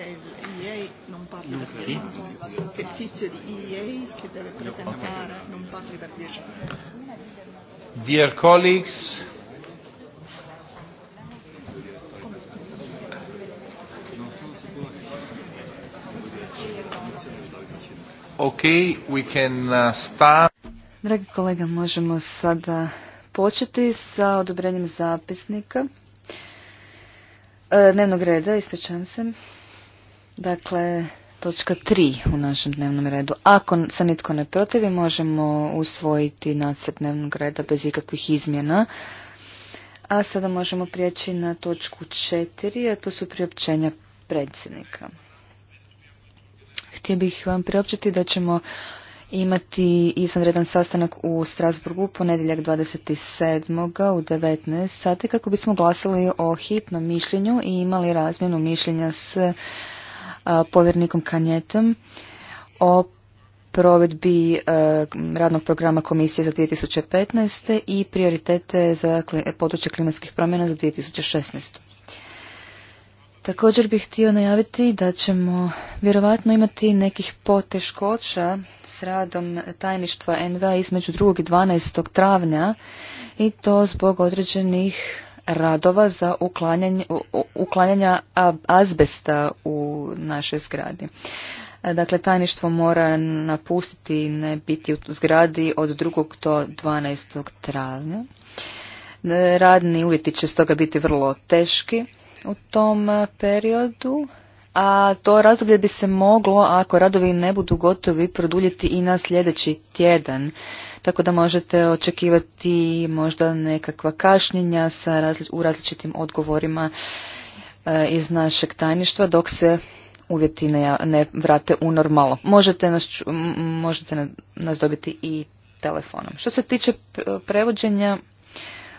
che l'IA e non parli per 10 che il tizio di EA che deve presentare non parli per 10 Dear colleagues, Okay, we can uh, start. Dragi kolega, možemo sada početi sa odobrenjem zapisnika e, dnevnog reda, ispričavam sam. Dakle, točka tri u našem dnevnom redu. Ako se nitko ne protivi, možemo usvojiti nacrt dnevnog reda bez ikakvih izmjena. A sada možemo prijeći na točku četiri, a to su priopćenja predsjednika. Htio bih vam priopćiti da ćemo imati izvanredan sastanak u Strasburgu ponedjeljak 27. u 19 sati kako bismo glasali o hitnom mišljenju i imali razmjenu mišljenja s povjernikom Kanjetom o provedbi e, radnog programa komisije za 2015. i prioritete za područje klimatskih promjena za 2016. Također bih htio najaviti da ćemo vjerovatno imati nekih poteškoća s radom tajništva NVA između 2. i 12. travnja i to zbog određenih radova za uklanjanje, uklanjanja azbesta u našoj zgradi. E, dakle, tajništvo mora napustiti i ne biti u zgradi od 2. do 12. travnja. E, radni uvjeti će stoga biti vrlo teški u tom e, periodu, a to razdoblje bi se moglo, ako radovi ne budu gotovi, produljiti i na sljedeći tjedan tako da možete očekivati možda nekakva kašnjenja sa u različitim odgovorima eh, iz našeg tajništva dok se uvjeti ne, vrate u normalno. Možete nas, možete nas dobiti i telefonom. Što se tiče prevođenja,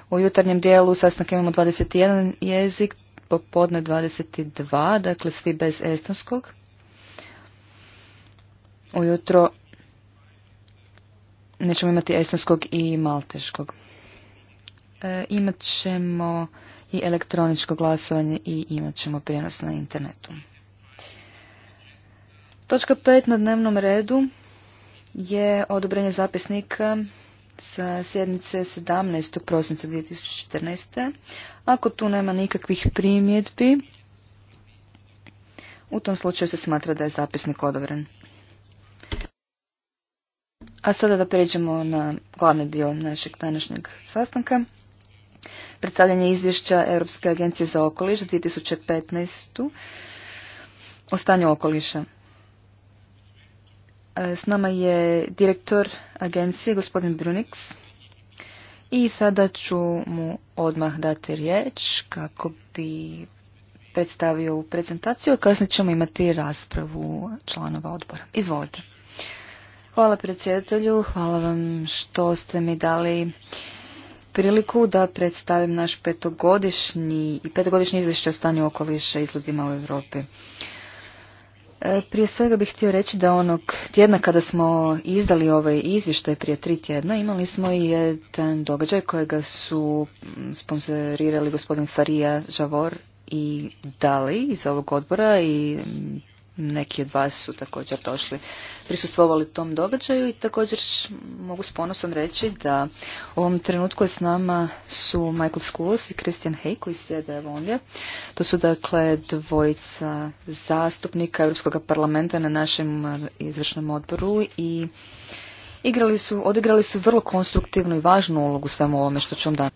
u jutarnjem dijelu sastanak imamo 21 jezik, popodne 22, dakle svi bez estonskog. Ujutro nećemo imati estonskog i malteškog. E, imat ćemo i elektroničko glasovanje i imat ćemo prijenos na internetu. Točka 5 na dnevnom redu je odobrenje zapisnika sa sjednice 17. prosinca 2014. Ako tu nema nikakvih primjedbi, u tom slučaju se smatra da je zapisnik odobren. A sada da pređemo na glavni dio našeg današnjeg sastanka. Predstavljanje izvješća Europske agencije za okoliš 2015. o stanju okoliša. E, s nama je direktor agencije, gospodin Brunix. I sada ću mu odmah dati riječ kako bi predstavio ovu prezentaciju, a kasnije ćemo imati raspravu članova odbora. Izvolite. Hvala predsjedatelju, hvala vam što ste mi dali priliku da predstavim naš petogodišnji i petogodišnji izvješće o stanju okoliša i izgledima u Europi. E, prije svega bih htio reći da onog tjedna kada smo izdali ovaj izvještaj prije tri tjedna imali smo i jedan događaj kojega su sponsorirali gospodin Farija Žavor i Dali iz ovog odbora i neki od vas su također došli prisustvovali tom događaju i također mogu s ponosom reći da u ovom trenutku s nama su Michael Skulos i Christian Hay koji sjede evo ondje. To su dakle dvojica zastupnika Europskog parlamenta na našem eh, izvršnom odboru i igrali su, odigrali su vrlo konstruktivnu i važnu ulogu svemu ovome što ću vam danas.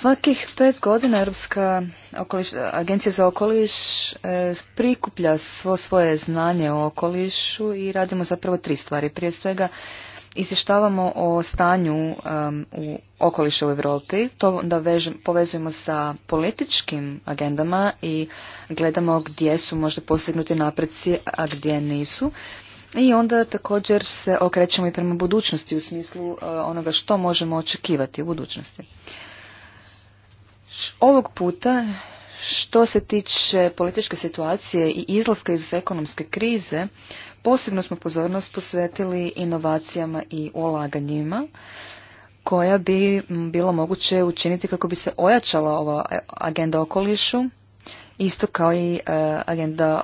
Svakih pet godina Europska agencija za okoliš e, prikuplja svo svoje znanje o okolišu i radimo zapravo tri stvari. Prije svega izvještavamo o stanju okoliša u okolišu u Europi, to onda povezujemo sa političkim agendama i gledamo gdje su možda postignuti napreci, a gdje nisu. I onda također se okrećemo i prema budućnosti u smislu e, onoga što možemo očekivati u budućnosti. Ovog puta što se tiče političke situacije i izlaska iz ekonomske krize, posebno smo pozornost posvetili inovacijama i ulaganjima koja bi bilo moguće učiniti kako bi se ojačala ova agenda okolišu, isto kao i e, agenda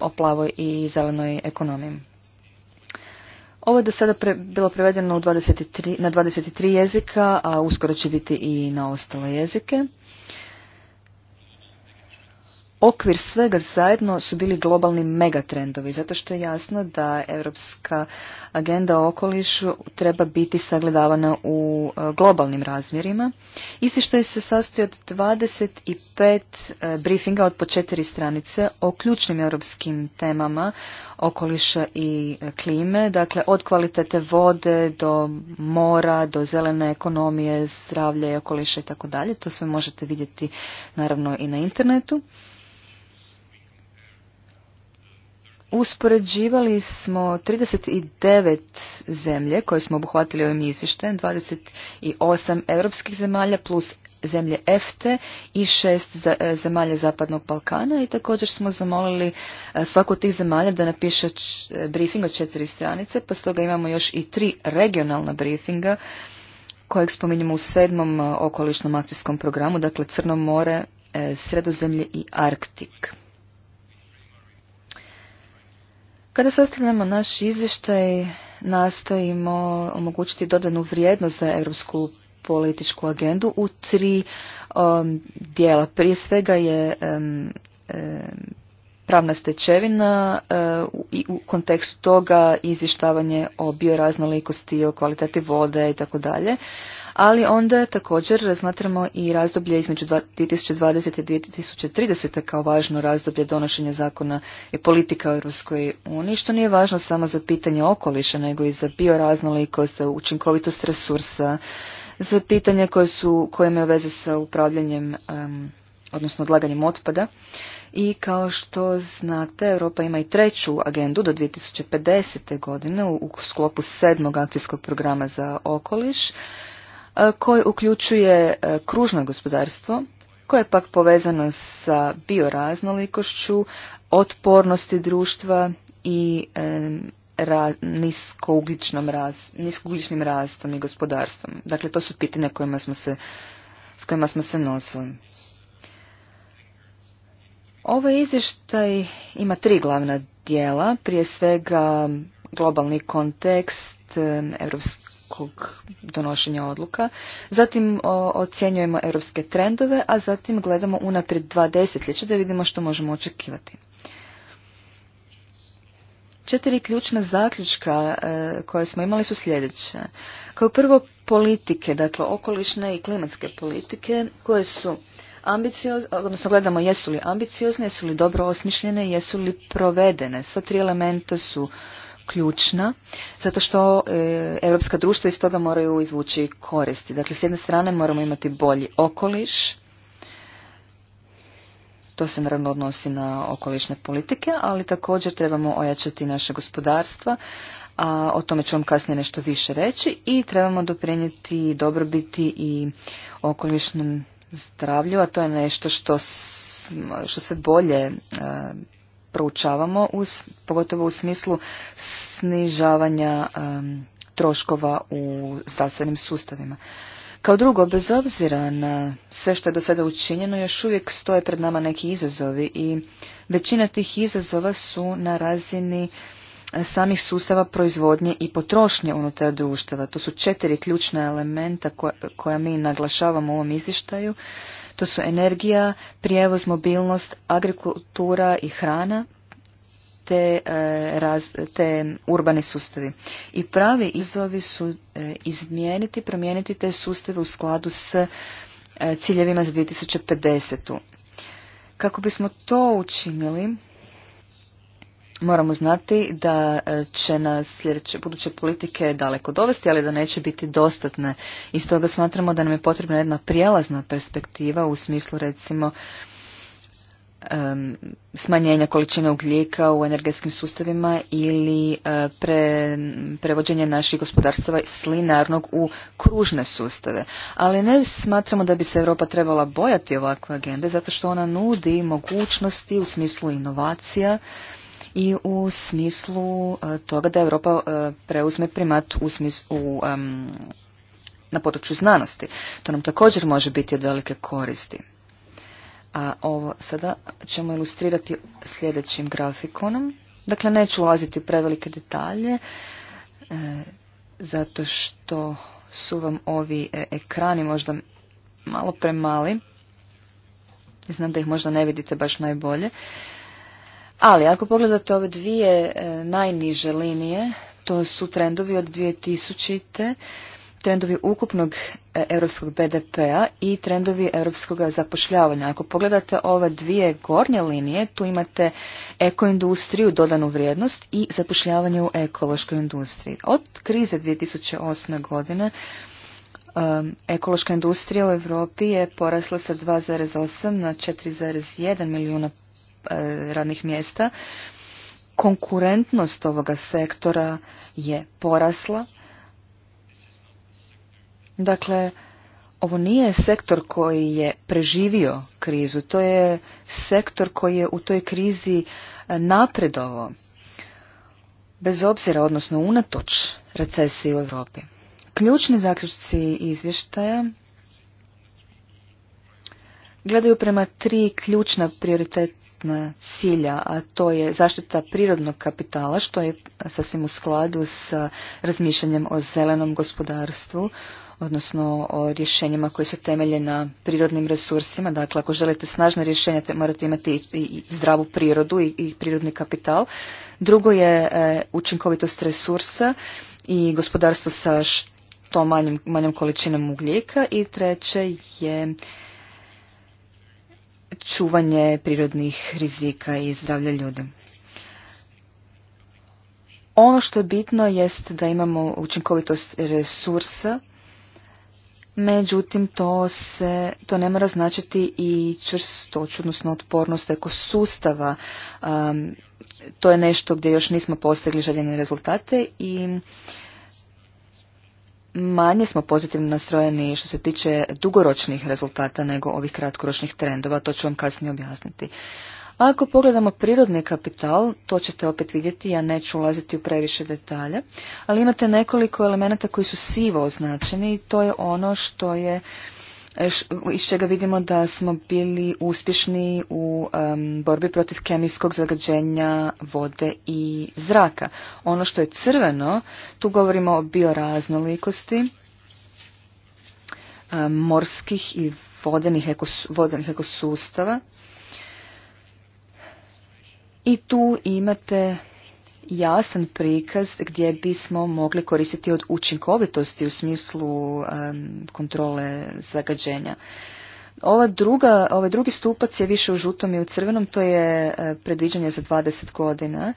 o plavoj i zelenoj ekonomiji. Ovo je do sada pre, bilo prevedeno u 23, na 23 jezika, a uskoro će biti i na ostale jezike okvir svega zajedno su bili globalni megatrendovi, zato što je jasno da europska agenda o okolišu treba biti sagledavana u e, globalnim razmjerima. je se sastoji od 25 e, briefinga od po četiri stranice o ključnim europskim temama okoliša i e, klime, dakle od kvalitete vode do mora, do zelene ekonomije, zdravlja i okoliša i tako To sve možete vidjeti naravno i na internetu. Uspoređivali smo 39 zemlje koje smo obuhvatili ovim izvištajem, 28 europskih zemalja plus zemlje EFTE i šest e, zemalja Zapadnog Balkana i također smo zamolili e, svaku od tih zemalja da napiše e, briefing od četiri stranice, pa stoga imamo još i tri regionalna briefinga kojeg spominjemo u sedmom okolišnom akcijskom programu, dakle Crno more, Sredozemlje i Arktik. Kada sastavljamo naš izvještaj, nastojimo omogućiti dodanu vrijednost za europsku političku agendu u tri um, dijela. Prije svega je um, um, pravna stečevina uh, i u kontekstu toga izvještavanje o bioraznolikosti, o kvaliteti vode i tako dalje ali onda također razmatramo i razdoblje između 2020. i 2030. kao važno razdoblje donošenja zakona i politika u Europskoj uniji, što nije važno samo za pitanje okoliša, nego i za bioraznolikost, za učinkovitost resursa, za pitanje koje su, koje imaju veze sa upravljanjem odnosno odlaganjem otpada. I kao što znate, Europa ima i treću agendu do 2050. godine u sklopu sedmog akcijskog programa za okoliš. E, koji uključuje e, kružno gospodarstvo, koje je pak povezano sa bioraznolikošću, otpornosti društva i e, ra, niskougličnim rastom i gospodarstvom. Dakle, to su pitanja kojima smo se, s kojima smo se nosili. Ovaj izvještaj ima tri glavna dijela, prije svega globalni kontekst, evropski donošenja odluka. Zatim ocjenjujemo europske trendove, a zatim gledamo unaprijed dva desetljeća da vidimo što možemo očekivati. Četiri ključna zaključka e, koje smo imali su sljedeće. Kao prvo politike, dakle okolišne i klimatske politike koje su ambiciozne, odnosno gledamo jesu li ambiciozne, jesu li dobro osmišljene, jesu li provedene. Sa tri elementa su ključna zato što e, europska društva iz toga moraju izvući koristi. Dakle, s jedne strane moramo imati bolji okoliš, to se naravno odnosi na okolišne politike, ali također trebamo ojačati naše gospodarstva, a o tome ću vam kasnije nešto više reći i trebamo doprinijeti dobrobiti i okolišnom zdravlju, a to je nešto što, što sve bolje e, proučavamo, pogotovo u smislu snižavanja troškova u zdravstvenim sustavima. Kao drugo, bez obzira na sve što je do sada učinjeno, još uvijek stoje pred nama neki izazovi i većina tih izazova su na razini e, samih sustava proizvodnje i potrošnje unutar društava. To su četiri ključna elementa koja, mi naglašavamo u ovom izvještaju to su energija, prijevoz, mobilnost, agrikultura i hrana te, e, te urbani sustavi. I pravi izazovi su e, izmijeniti, promijeniti te sustave u skladu s e, ciljevima za 2050. Kako bismo to učinili, Moramo znati da e, će nas sljedeće buduće politike daleko dovesti, ali da neće biti dostatne. I stoga smatramo da nam je potrebna jedna prijelazna perspektiva u smislu recimo smanjenja količine ugljika u energetskim sustavima ili e, prevođenje naših gospodarstava s linarnog u kružne sustave. Ali ne smatramo da bi se Europa trebala bojati ovakve agende zato što ona nudi mogućnosti u smislu inovacija i u smislu e, toga da Europa e, preuzme primat u smislu na području znanosti. To nam također može biti od velike koristi. A ovo sada ćemo ilustrirati sljedećim grafikonom. Dakle, neću ulaziti u prevelike detalje, e, zato što su vam ovi ekrani možda malo premali. Znam da ih možda ne vidite baš najbolje. Ali ako pogledate ove dvije e, najniže linije, to su trendovi od 2000. trendovi ukupnog e, europskog BDP-a i trendovi europskog zapošljavanja. Ako pogledate ove dvije gornje linije, tu imate ekoindustriju, dodanu vrijednost i zapošljavanje u ekološkoj industriji. Od krize 2008. godine e, ekološka industrija u Europi je porasla sa 2,8 na 4,1 milijuna E, radnih mjesta. Konkurentnost ovoga sektora je porasla. Dakle, ovo nije sektor koji je preživio krizu, to je sektor koji je u toj krizi e, napredovao, bez obzira, odnosno unatoč recesiji u Europi. Ključni zaključci izvještaja gledaju prema tri ključna prioritet, jasna cilja, a to je zaštita prirodnog kapitala, što je sasvim u skladu s razmišljanjem o zelenom gospodarstvu, odnosno o rješenjima koje se temelje na prirodnim resursima. Dakle, ako želite snažne rješenja, te morate imati i zdravu prirodu i prirodni kapital. Drugo je e, učinkovitost resursa i gospodarstvo sa što manjom količinom ugljika. I treće je čuvanje prirodnih rizika i zdravlja ljudi. Ono što je bitno jest da imamo učinkovitost resursa, međutim to, se, to ne mora značiti i čvrsto, odnosno otpornost ekosustava. Um, to je nešto gdje još nismo postigli željene rezultate i manje smo pozitivno nastrojeni što se tiče dugoročnih rezultata nego ovih kratkoročnih trendova, to ću vam kasnije objasniti. ako pogledamo prirodni kapital, to ćete opet vidjeti, ja neću ulaziti u previše detalja, ali imate nekoliko elemenata koji su sivo označeni i to je ono što je iz čega vidimo da smo bili uspješni u borbi protiv kemijskog zagađenja vode i zraka. Ono što je crveno, tu govorimo o bioraznolikosti morskih i vodenih, ekos, vodenih ekosustava. I tu imate jasan prikaz gdje bismo mogli koristiti od učinkovitosti u smislu kontrole zagađenja. Ova druga, ovaj drugi stupac je više u žutom i u crvenom, to je e, predviđanje za 20 godina,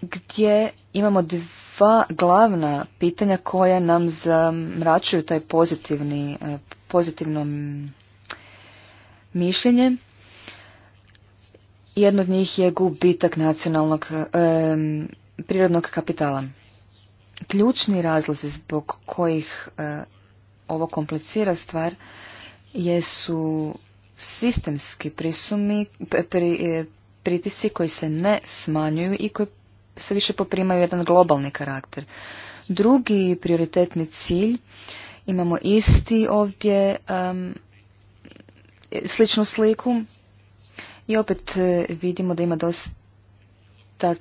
gdje imamo dva glavna pitanja koja nam zamračuju taj pozitivni, e, pozitivno mišljenje. Jedno od njih je gubitak nacionalnog prirodnog kapitala. Ključni razlozi zbog kojih e, ovo komplicira stvar jesu sistemski prisumi, pri, e, pritisi koji se ne smanjuju i koji se više poprimaju jedan globalni karakter. Drugi prioritetni cilj imamo isti ovdje sličnu sliku i opet e, vidimo da ima dosta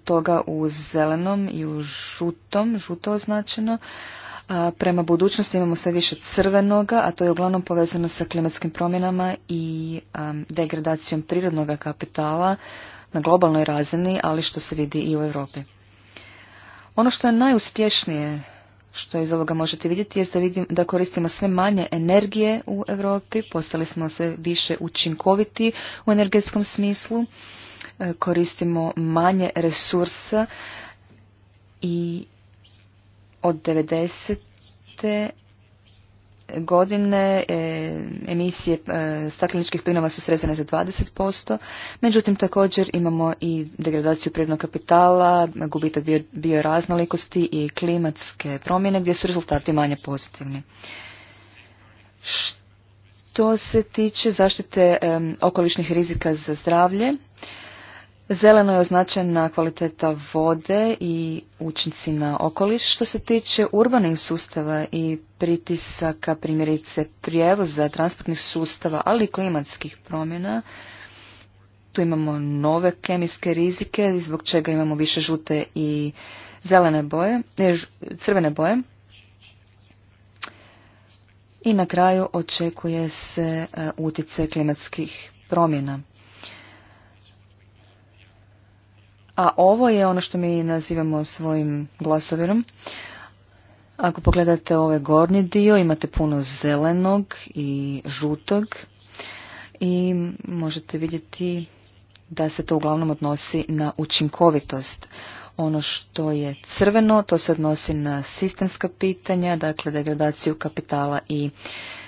toga u zelenom i u žutom, žuto označeno. prema budućnosti imamo sve više crvenoga, a to je uglavnom povezano sa klimatskim promjenama i degradacijom prirodnog kapitala na globalnoj razini, ali što se vidi i u Europi. Ono što je najuspješnije što iz ovoga možete vidjeti je da, vidim, da koristimo sve manje energije u Europi, postali smo sve više učinkoviti u energetskom smislu, e, koristimo manje resursa i od 90 godine e, emisije e, stakleničkih plinova su srezane za 20%, međutim također imamo i degradaciju prirodnog kapitala, gubitak bioraznolikosti i klimatske promjene gdje su rezultati manje pozitivni. Što se tiče zaštite okolišnih rizika za zdravlje, Zeleno je na kvaliteta vode i učinci na okoliš. Što se tiče urbanih sustava i pritisaka, primjerice prijevoza, transportnih sustava, ali i klimatskih promjena, tu imamo nove kemijske rizike, zbog čega imamo više žute i zelene boje, e, crvene boje. I na kraju očekuje se e, utjecaj klimatskih promjena. A ovo je ono što mi nazivamo svojim glasovirom. Ako pogledate ovaj gornji dio, imate puno zelenog i žutog i možete vidjeti da se to uglavnom odnosi na učinkovitost. Ono što je crveno, to se odnosi na sistemska pitanja, dakle degradaciju kapitala i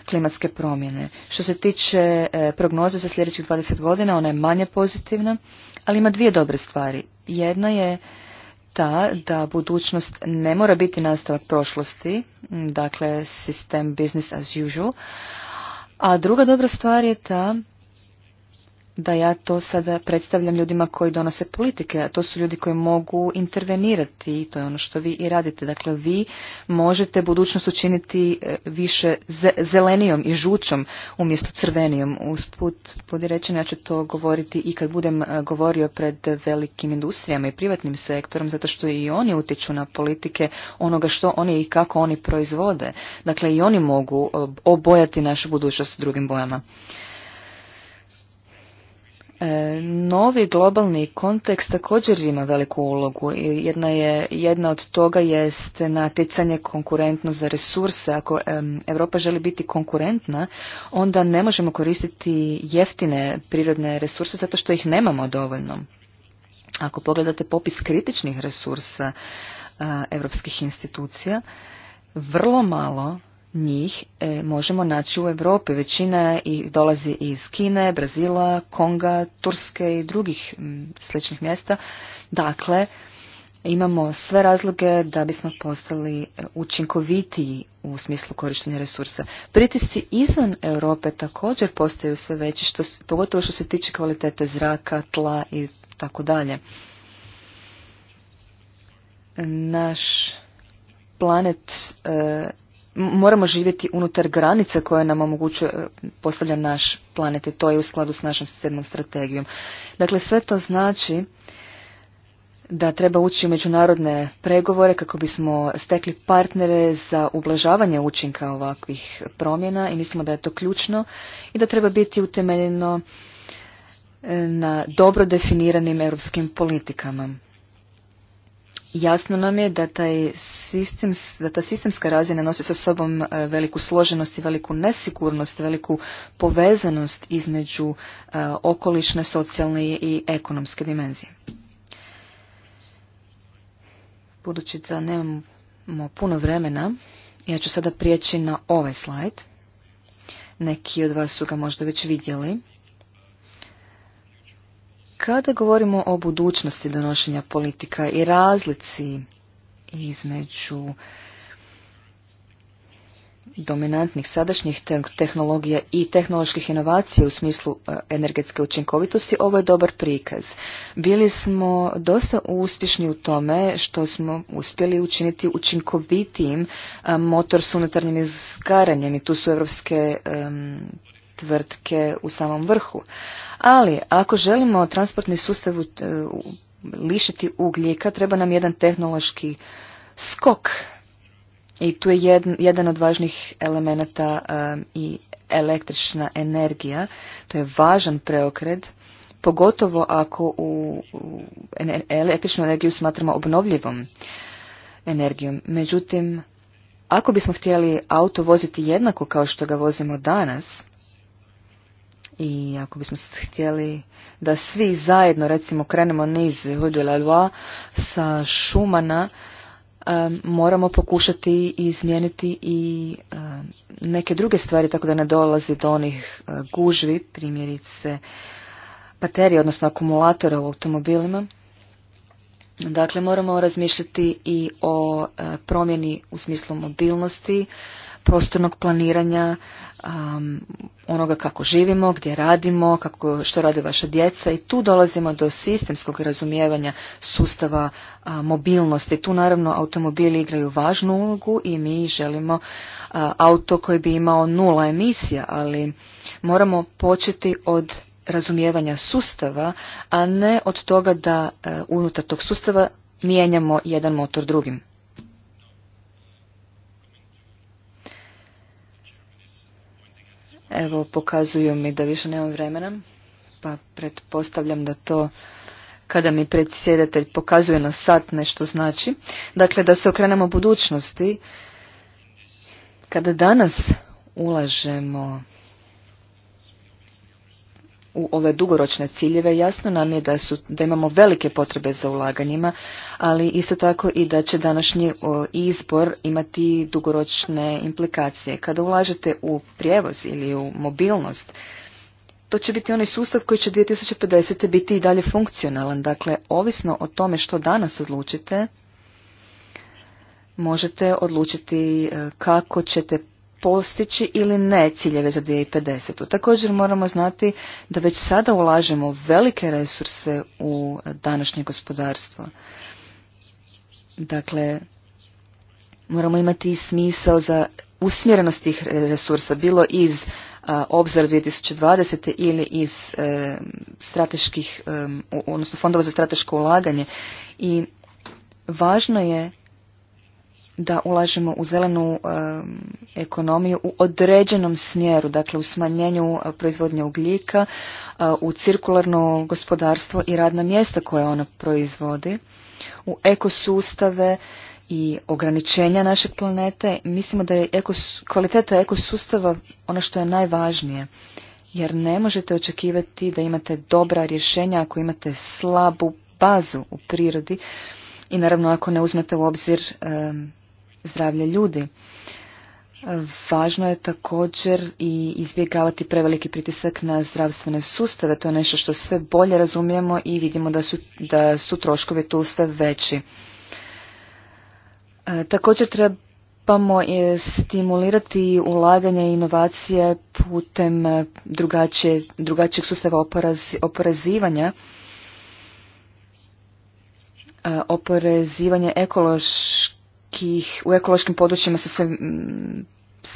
klimatske promjene. Što se tiče e, prognoze za sljedećih 20 godina, ona je manje pozitivna, ali ima dvije dobre stvari. Jedna je ta da budućnost ne mora biti nastavak prošlosti, dakle sistem business as usual, a druga dobra stvar je ta da ja to sada predstavljam ljudima koji donose politike, a to su ljudi koji mogu intervenirati i to je ono što vi i radite. Dakle, vi možete budućnost učiniti e, više zelenijom i žućom umjesto crvenijom. Usput, budi rečeno, ja ću to govoriti i kad budem e, govorio pred velikim industrijama i privatnim sektorom, zato što i oni utječu na politike onoga što oni i kako oni proizvode. Dakle, i oni mogu e, obojati našu budućnost drugim bojama. E, novi globalni kontekst također ima veliku ulogu. Jedna, je, jedna od toga jest natjecanje konkurentno za resurse. Ako Europa želi biti konkurentna, onda ne možemo koristiti jeftine prirodne resurse zato što ih nemamo dovoljno. Ako pogledate popis kritičnih resursa europskih institucija, vrlo malo njih e, možemo naći u Europi. Većina ih dolazi iz Kine, Brazila, Konga, Turske i drugih sličnih mjesta. Dakle, imamo sve razloge da bismo postali e, učinkovitiji u smislu korištenja resursa. Pritisci izvan Europe također postaju sve veći, što, pogotovo što se tiče kvalitete zraka, tla i tako dalje. Naš planet e, moramo živjeti unutar granice koje nam omogućuje, e, postavlja naš planet i to je u skladu s našom sedmom strategijom. Dakle, sve to znači da treba ući u međunarodne pregovore kako bismo stekli partnere za ublažavanje učinka ovakvih promjena i mislimo da je to ključno i da treba biti utemeljeno e, na dobro definiranim europskim politikama. Jasno nam je da, taj sistem, da ta sistemska razina nosi sa sobom e, veliku složenost i veliku nesigurnost, veliku povezanost između e, okolišne, socijalne i ekonomske dimenzije. Budući da nemamo puno vremena, ja ću sada prijeći na ovaj slajd. Neki od vas su ga možda već vidjeli. Kada govorimo o budućnosti donošenja politika i razlici između dominantnih sadašnjih tehnologija i tehnoloških inovacija u smislu e, energetske učinkovitosti, ovo je dobar prikaz. Bili smo dosta uspješni u tome što smo uspjeli učiniti učinkovitijim e, motor s unutarnjim izgaranjem i tu su evropske tvrtke u samom vrhu. Ali ako želimo transportni sustav e, lišiti ugljika, treba nam jedan tehnološki skok. I tu je jedan, od važnih elemenata e, i električna energija. To je važan preokret, pogotovo ako u električnu energiju smatramo obnovljivom energijom. Međutim, ako bismo htjeli auto voziti jednako kao što ga vozimo danas, i ako bismo htjeli da svi zajedno, recimo, krenemo niz la Lalois sa Šumana, moramo pokušati izmijeniti i neke druge stvari tako da ne dolazi do onih e, gužvi, primjerice baterije, odnosno akumulatora u automobilima. Dakle, moramo razmišljati i o e, promjeni u smislu mobilnosti, prostornog planiranja, onoga kako živimo, gdje radimo, kako, što rade vaša djeca i tu dolazimo do sistemskog razumijevanja sustava mobilnosti. Tu naravno automobili igraju važnu ulogu i mi želimo auto koji bi imao nula emisija, ali moramo početi od razumijevanja sustava, a ne od toga da a, e, unutar tog sustava mijenjamo jedan motor drugim. Evo, pokazuju mi da više nemam vremena, pa pretpostavljam da to kada mi predsjedatelj pokazuje na sat nešto znači. Dakle, da se okrenemo budućnosti, kada danas ulažemo u ove dugoročne ciljeve jasno nam je da, su, da imamo velike potrebe za ulaganjima, ali isto tako i da će današnji izbor imati dugoročne implikacije. Kada ulažete u prijevoz ili u mobilnost, to će biti onaj sustav koji će 2050. biti i dalje funkcionalan. Dakle, ovisno o tome što danas odlučite, možete odlučiti e, kako ćete postići ili ne ciljeve za 2050. Također moramo znati da već sada ulažemo velike resurse u današnje gospodarstvo. Dakle, moramo imati i smisao za usmjerenost tih resursa, bilo iz obzora 2020. ili iz e, strateških, odnosno fondova za strateško ulaganje. I važno je da ulažemo u zelenu e, ekonomiju u određenom smjeru, dakle u smanjenju e, proizvodnje ugljika, e, u cirkularno gospodarstvo i radna mjesta koje ona proizvodi, u ekosustave i ograničenja našeg planete. Mislimo da je ekos, kvaliteta ekosustava ono što je najvažnije, jer ne možete očekivati da imate dobra rješenja ako imate slabu bazu u prirodi i naravno ako ne uzmete u obzir zdravlje ljudi. Važno je također i izbjegavati preveliki pritisak na zdravstvene sustave. To je nešto što sve bolje razumijemo i vidimo da su, da su troškovi tu sve veći. E, također trebamo je stimulirati ulaganje inovacije putem e, drugačije, drugačijeg sustava oporezivanja e, oporezivanje ekoloških u ekološkim područjima se sve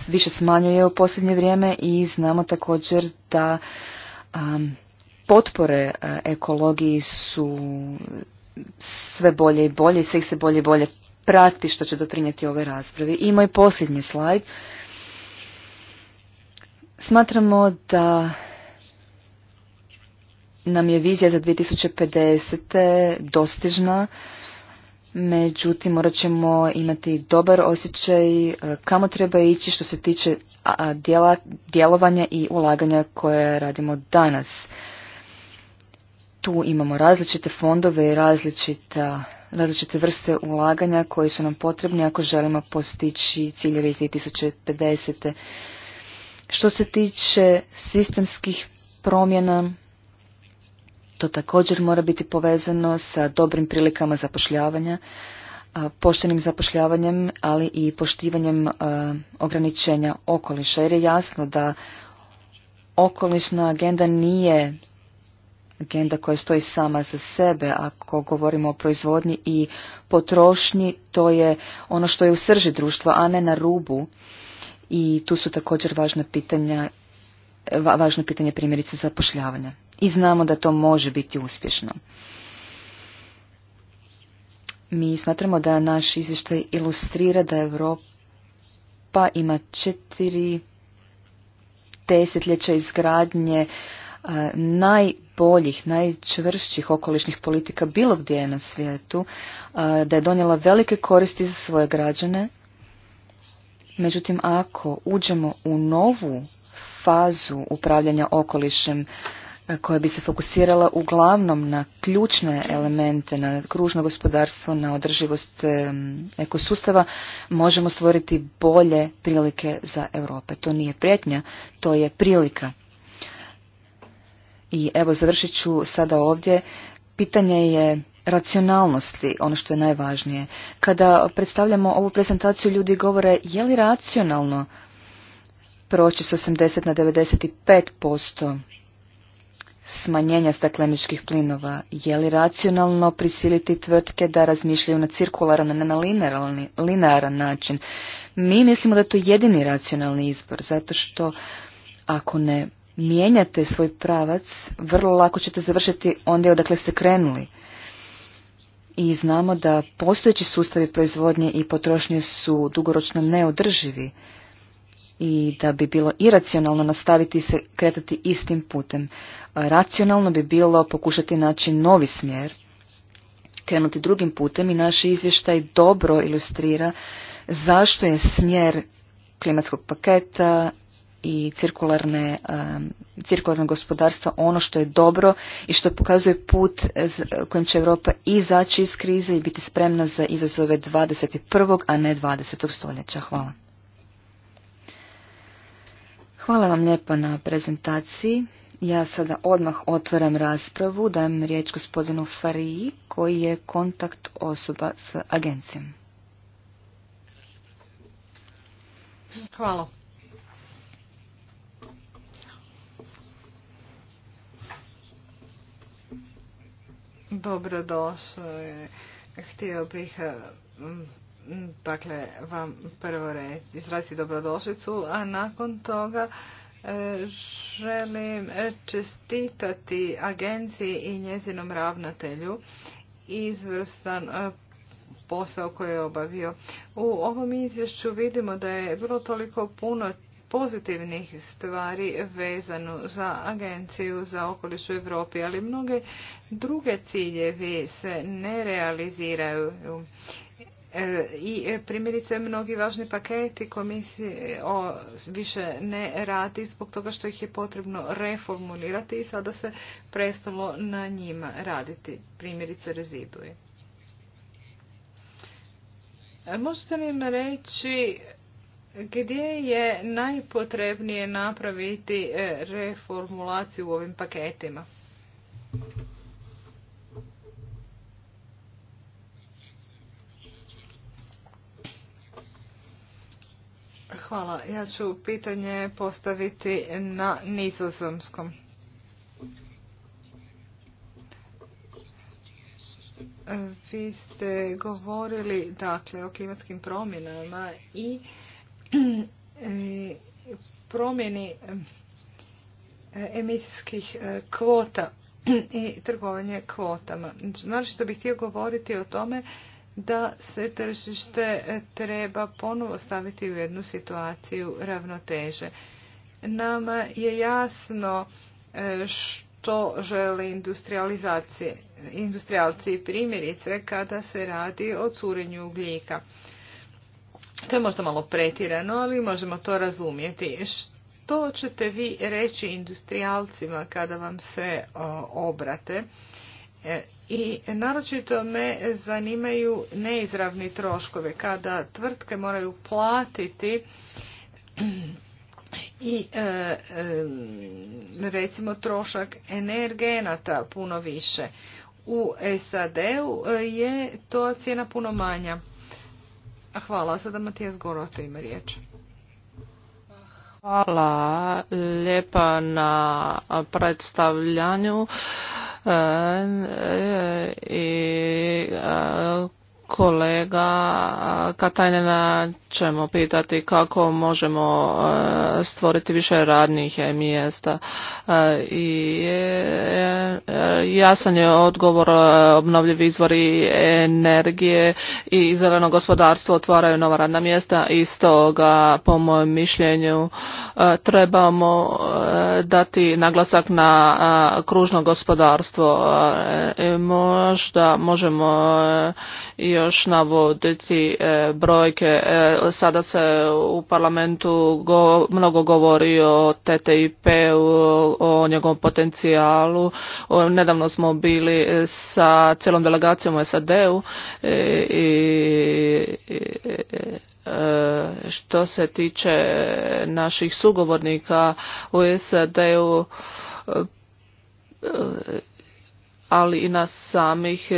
više smanjuje u posljednje vrijeme i znamo također da potpore e, ekologiji su sve bolje i bolje i sve ih se bolje i bolje prati što će doprinijeti ove raspravi. I moj posljednji slajd. Smatramo da nam je vizija za 2050. dostižna međutim morat ćemo imati dobar osjećaj e, kamo treba ići što se tiče djela, djelovanja i ulaganja koje radimo danas. Tu imamo različite fondove i različite vrste ulaganja koje su nam potrebni ako želimo postići ciljeve iz 2050. Što se tiče sistemskih promjena, to također mora biti povezano sa dobrim prilikama zapošljavanja, poštenim zapošljavanjem, ali i poštivanjem ograničenja okoliša. Jer je jasno da okolišna agenda nije agenda koja stoji sama za sebe. Ako govorimo o proizvodnji i potrošnji, to je ono što je u srži društva, a ne na rubu. I tu su također važna pitanja, važno pitanje primjerice zapošljavanja i znamo da to može biti uspješno. Mi smatramo da naš izvještaj ilustrira da Europa ima četiri desetljeća izgradnje e, najboljih, najčvršćih okolišnih politika bilo gdje je na svijetu, e, da je donijela velike koristi za svoje građane. Međutim, ako uđemo u novu fazu upravljanja okolišem, koja bi se fokusirala uglavnom na ključne elemente, na kružno gospodarstvo, na održivost ekosustava, možemo stvoriti bolje prilike za Europe. To nije prijetnja, to je prilika. I evo završit ću sada ovdje. Pitanje je racionalnosti, ono što je najvažnije. Kada predstavljamo ovu prezentaciju, ljudi govore je li racionalno proći s 80 na 95% smanjenja stakleničkih plinova? Je li racionalno prisiliti tvrtke da razmišljaju na cirkularan, ne na linearan način? Mi mislimo da je to jedini racionalni izbor, zato što ako ne mijenjate svoj pravac, vrlo lako ćete završiti ondje odakle ste krenuli. I znamo da postojeći sustavi proizvodnje i potrošnje su dugoročno neodrživi i da bi bilo iracionalno nastaviti se kretati istim putem. E, racionalno bi bilo pokušati naći novi smjer, krenuti drugim putem i naš izvještaj dobro ilustrira zašto je smjer klimatskog paketa i cirkularne, cirkularnog gospodarstva ono što je dobro i što pokazuje put kojim će Europa izaći iz krize i biti spremna za izazove 21. a ne 20. stoljeća. Hvala. Hvala vam lijepo na prezentaciji. Ja sada odmah otvaram raspravu, dajem riječ gospodinu Fariji koji je kontakt osoba s agencijom. Hvala. Dobro Htio bih dakle, vam prvo reći, izraziti dobrodošlicu, a nakon toga e, želim e, čestitati agenciji i njezinom ravnatelju izvrstan e, posao koji je obavio. U ovom izvješću vidimo da je bilo toliko puno pozitivnih stvari vezano za Agenciju za okoliš u Europi, ali mnoge druge ciljevi se ne realiziraju. E, i e, primjerice mnogi važni paketi komisije više ne radi zbog toga što ih je potrebno reformulirati i sada se prestalo na njima raditi. Primjerice reziduje. E, možete mi reći gdje je najpotrebnije napraviti reformulaciju u ovim paketima? Hvala. Ja ću pitanje postaviti na nizozemskom. Vi ste govorili dakle o klimatskim promjenama i e, promjeni e, emisijskih e, kvota i trgovanje kvotama. Znači što bih htio govoriti o tome da se tržište treba ponovo staviti u jednu situaciju ravnoteže. Nama je jasno e, što žele industrializacije, i primjerice kada se radi o curenju ugljika. To je možda malo pretirano, ali možemo to razumjeti. Što ćete vi reći industrialcima kada vam se obrate? E, I naročito me zanimaju neizravni troškovi kada tvrtke moraju platiti i e, e, recimo trošak energenata puno više. U SAD-u je to cijena puno manja. Hvala. Sada Matijas Gorota ima riječ. Hvala lijepa na predstavljanju. E, e, i kolega Katajnena ćemo pitati kako možemo stvoriti više radnih mjesta i e, e, jasan je odgovor obnovljivi izvori energije i zeleno gospodarstvo otvaraju nova radna mjesta i stoga po mojem mišljenju trebamo dati naglasak na kružno gospodarstvo e, možda možemo i još navoditi e, brojke. E, sada se u parlamentu mnogo govori o TTIP, o, o njegovom potencijalu. Nedavno smo bili sa cijelom delegacijom u SAD-u e, i, što se tiče naših sugovornika u SAD-u ali i nas samih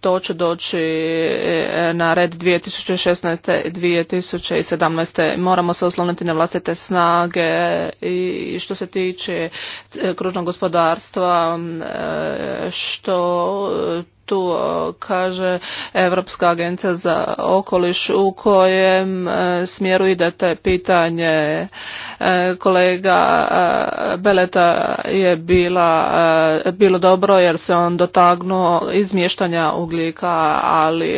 to će doći e, na red 2016. 2017. Moramo se osloniti na vlastite snage i što se tiče e, kružnog gospodarstva e, što tu e, kaže Europska agencija za okoliš u kojem e, smjeru idete pitanje e, kolega Beleta je bila bilo dobro jer se on dotagnuo izmještanja ugljika ali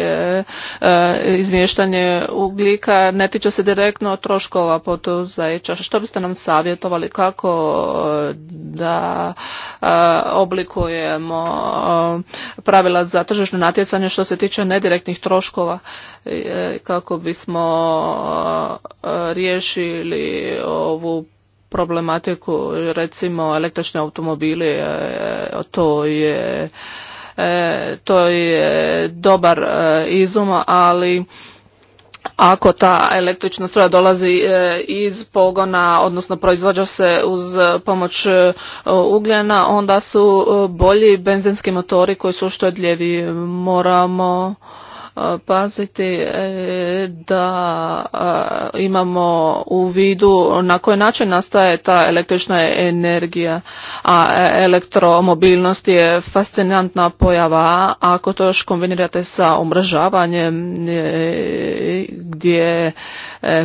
izmještanje ugljika ne tiče se direktno troškova poduzeća što biste nam savjetovali kako da oblikujemo pravila pravila za tržišno natjecanje što se tiče nedirektnih troškova e, kako bismo e, riješili ovu problematiku recimo električni automobili e, to je to je dobar izum ali ako ta električna stroja dolazi e, iz pogona, odnosno proizvođa se uz e, pomoć e, ugljena, onda su bolji benzinski motori koji su što odljevi. Moramo paziti e, da e, imamo u vidu na koji način nastaje ta električna energija, a e, elektromobilnost je fascinantna pojava ako to još kombinirate sa umrežavanjem gdje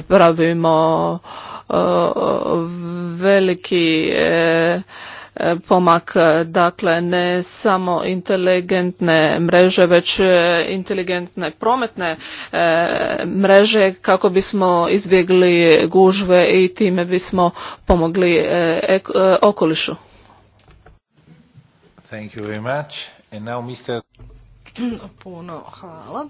pravimo veliki E, pomak, dakle ne samo inteligentne mreže, već e, inteligentne prometne e, mreže kako bismo izbjegli gužve i time bismo pomogli okolišu. Thank you very much. And now Mr. Puno hvala.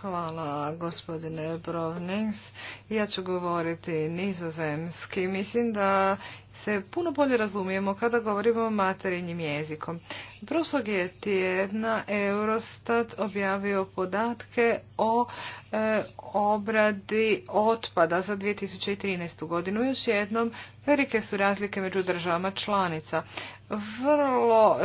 Hvala gospodine Brovnings. Ja ću govoriti nizozemski. Mislim da se puno bolje razumijemo kada govorimo materinjim jezikom. Prošlog je tjedna Eurostat objavio podatke o e, obradi otpada za 2013. godinu. Još jednom, velike su razlike među državama članica. Vrlo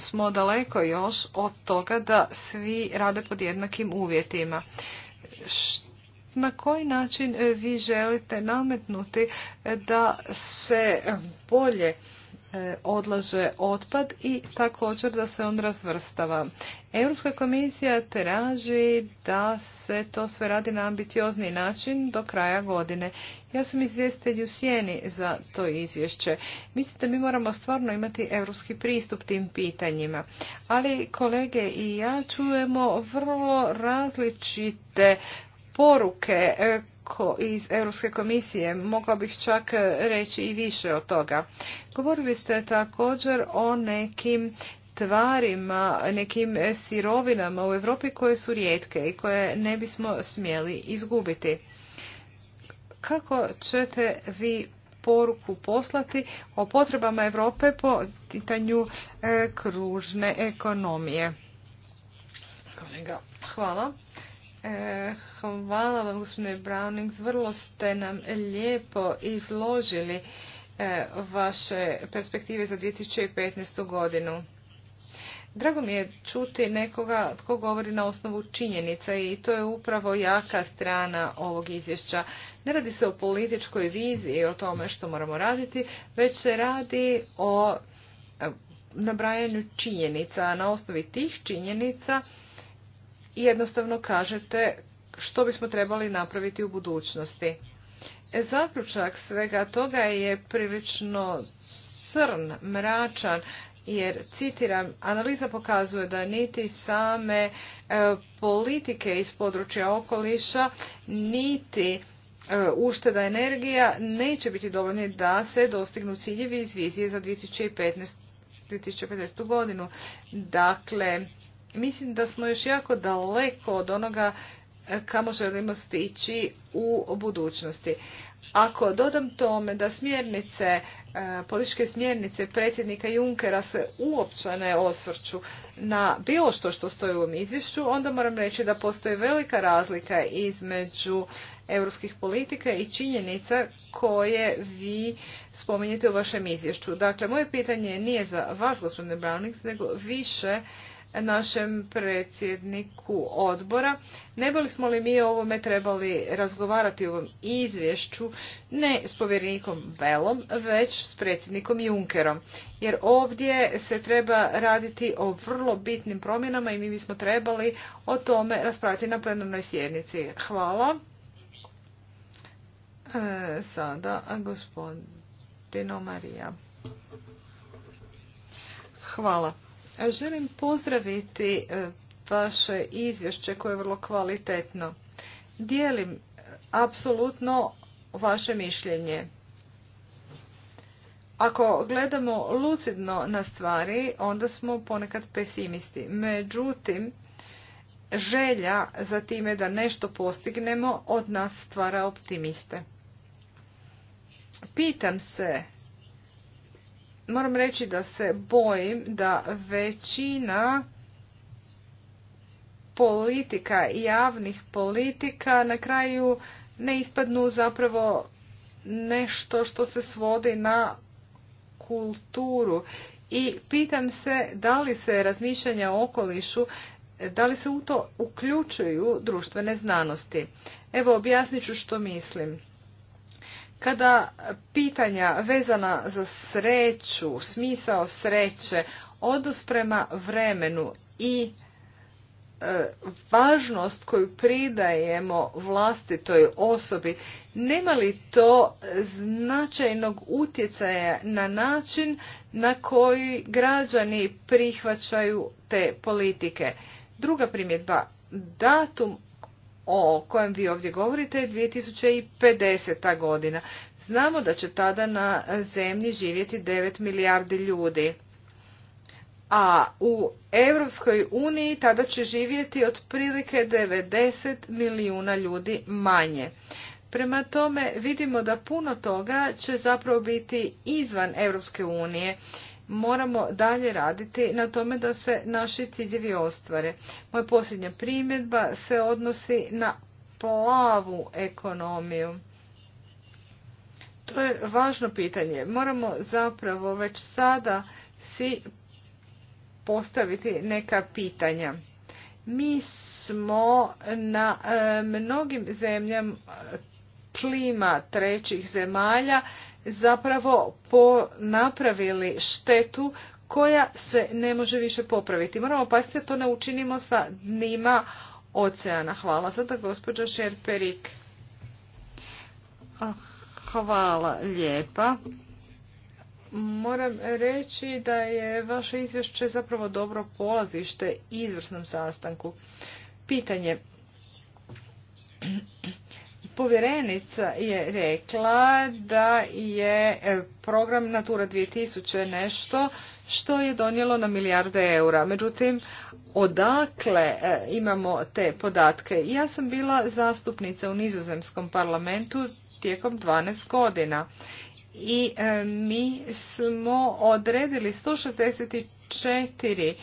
smo daleko još od toga da svi rade pod jednakim uvjetima. Na koji način e, vi želite nametnuti e, da se e, bolje E, odlaže otpad i također da se on razvrstava. Europska komisija traži da se to sve radi na ambiciozni način do kraja godine. Ja sam izvjestitelj u sjeni za to izvješće. Mislim da mi moramo stvarno imati europski pristup tim pitanjima. Ali kolege i ja čujemo vrlo različite poruke e, iz Europske komisije. Mogao bih čak reći i više od toga. Govorili ste također o nekim tvarima, nekim sirovinama u Europi koje su rijetke i koje ne bismo smjeli izgubiti. Kako ćete vi poruku poslati o potrebama Europe po pitanju e, kružne ekonomije? hvala. Eh, hvala vam, gospodine Brownings. Vrlo ste nam lijepo izložili eh, vaše perspektive za 2015. godinu. Drago mi je čuti nekoga tko govori na osnovu činjenica i to je upravo jaka strana ovog izvješća. Ne radi se o političkoj viziji, o tome što moramo raditi, već se radi o eh, nabrajanju činjenica. Na osnovi tih činjenica jednostavno kažete što bismo trebali napraviti u budućnosti. E, zaključak svega toga je prilično crn, mračan, jer citiram, analiza pokazuje da niti same e, politike iz područja okoliša, niti e, ušteda energija neće biti dovoljni da se dostignu ciljevi iz vizije za 2015. 2015. godinu. Dakle, mislim da smo još jako daleko od onoga e, kamo želimo stići u budućnosti. Ako dodam tome da smjernice, e, političke smjernice predsjednika Junkera se uopće ne osvrću na bilo što što stoji u ovom izvješću, onda moram reći da postoji velika razlika između europskih politika i činjenica koje vi spominjete u vašem izvješću. Dakle, moje pitanje nije za vas, gospodine Brownings, nego više našem predsjedniku odbora. Ne bili smo li mi o ovome trebali razgovarati u ovom izvješću ne s povjerenikom Belom, već s predsjednikom Junkerom. Jer ovdje se treba raditi o vrlo bitnim promjenama i mi bismo trebali o tome raspraviti na plenarnoj sjednici. Hvala. E, sada gospodino Marija. Hvala. Želim pozdraviti e, vaše izvješće koje je vrlo kvalitetno. Dijelim e, apsolutno vaše mišljenje. Ako gledamo lucidno na stvari, onda smo ponekad pesimisti. Međutim, želja za time da nešto postignemo od nas stvara optimiste. Pitam se moram reći da se bojim da većina politika i javnih politika na kraju ne ispadnu zapravo nešto što se svodi na kulturu. I pitam se da li se razmišljanja o okolišu, da li se u to uključuju društvene znanosti. Evo objasnit ću što mislim. Kada pitanja vezana za sreću, smisao sreće, odnos prema vremenu i e, važnost koju pridajemo vlastitoj osobi, nema li to značajnog utjecaja na način na koji građani prihvaćaju te politike? Druga primjedba, datum o kojem vi ovdje govorite je 2050. godina. Znamo da će tada na zemlji živjeti 9 milijardi ljudi. A u Europskoj uniji tada će živjeti otprilike 90 milijuna ljudi manje. Prema tome vidimo da puno toga će zapravo biti izvan Europske unije moramo dalje raditi na tome da se naši ciljevi ostvare. Moja posljednja primjedba se odnosi na plavu ekonomiju. To je važno pitanje. Moramo zapravo već sada si postaviti neka pitanja. Mi smo na e, mnogim zemljama klima trećih zemalja zapravo ponapravili napravili štetu koja se ne može više popraviti. Moramo paziti da to ne učinimo sa dnima oceana. Hvala sada gospođa Šerperik. Ah, hvala lijepa. Moram reći da je vaše izvješće zapravo dobro polazište izvrsnom sastanku. Pitanje Povjerenica je rekla da je e, program Natura 2000 nešto što je donijelo na milijarde eura. Međutim, odakle e, imamo te podatke? Ja sam bila zastupnica u nizozemskom parlamentu tijekom 12 godina i e, mi smo odredili 164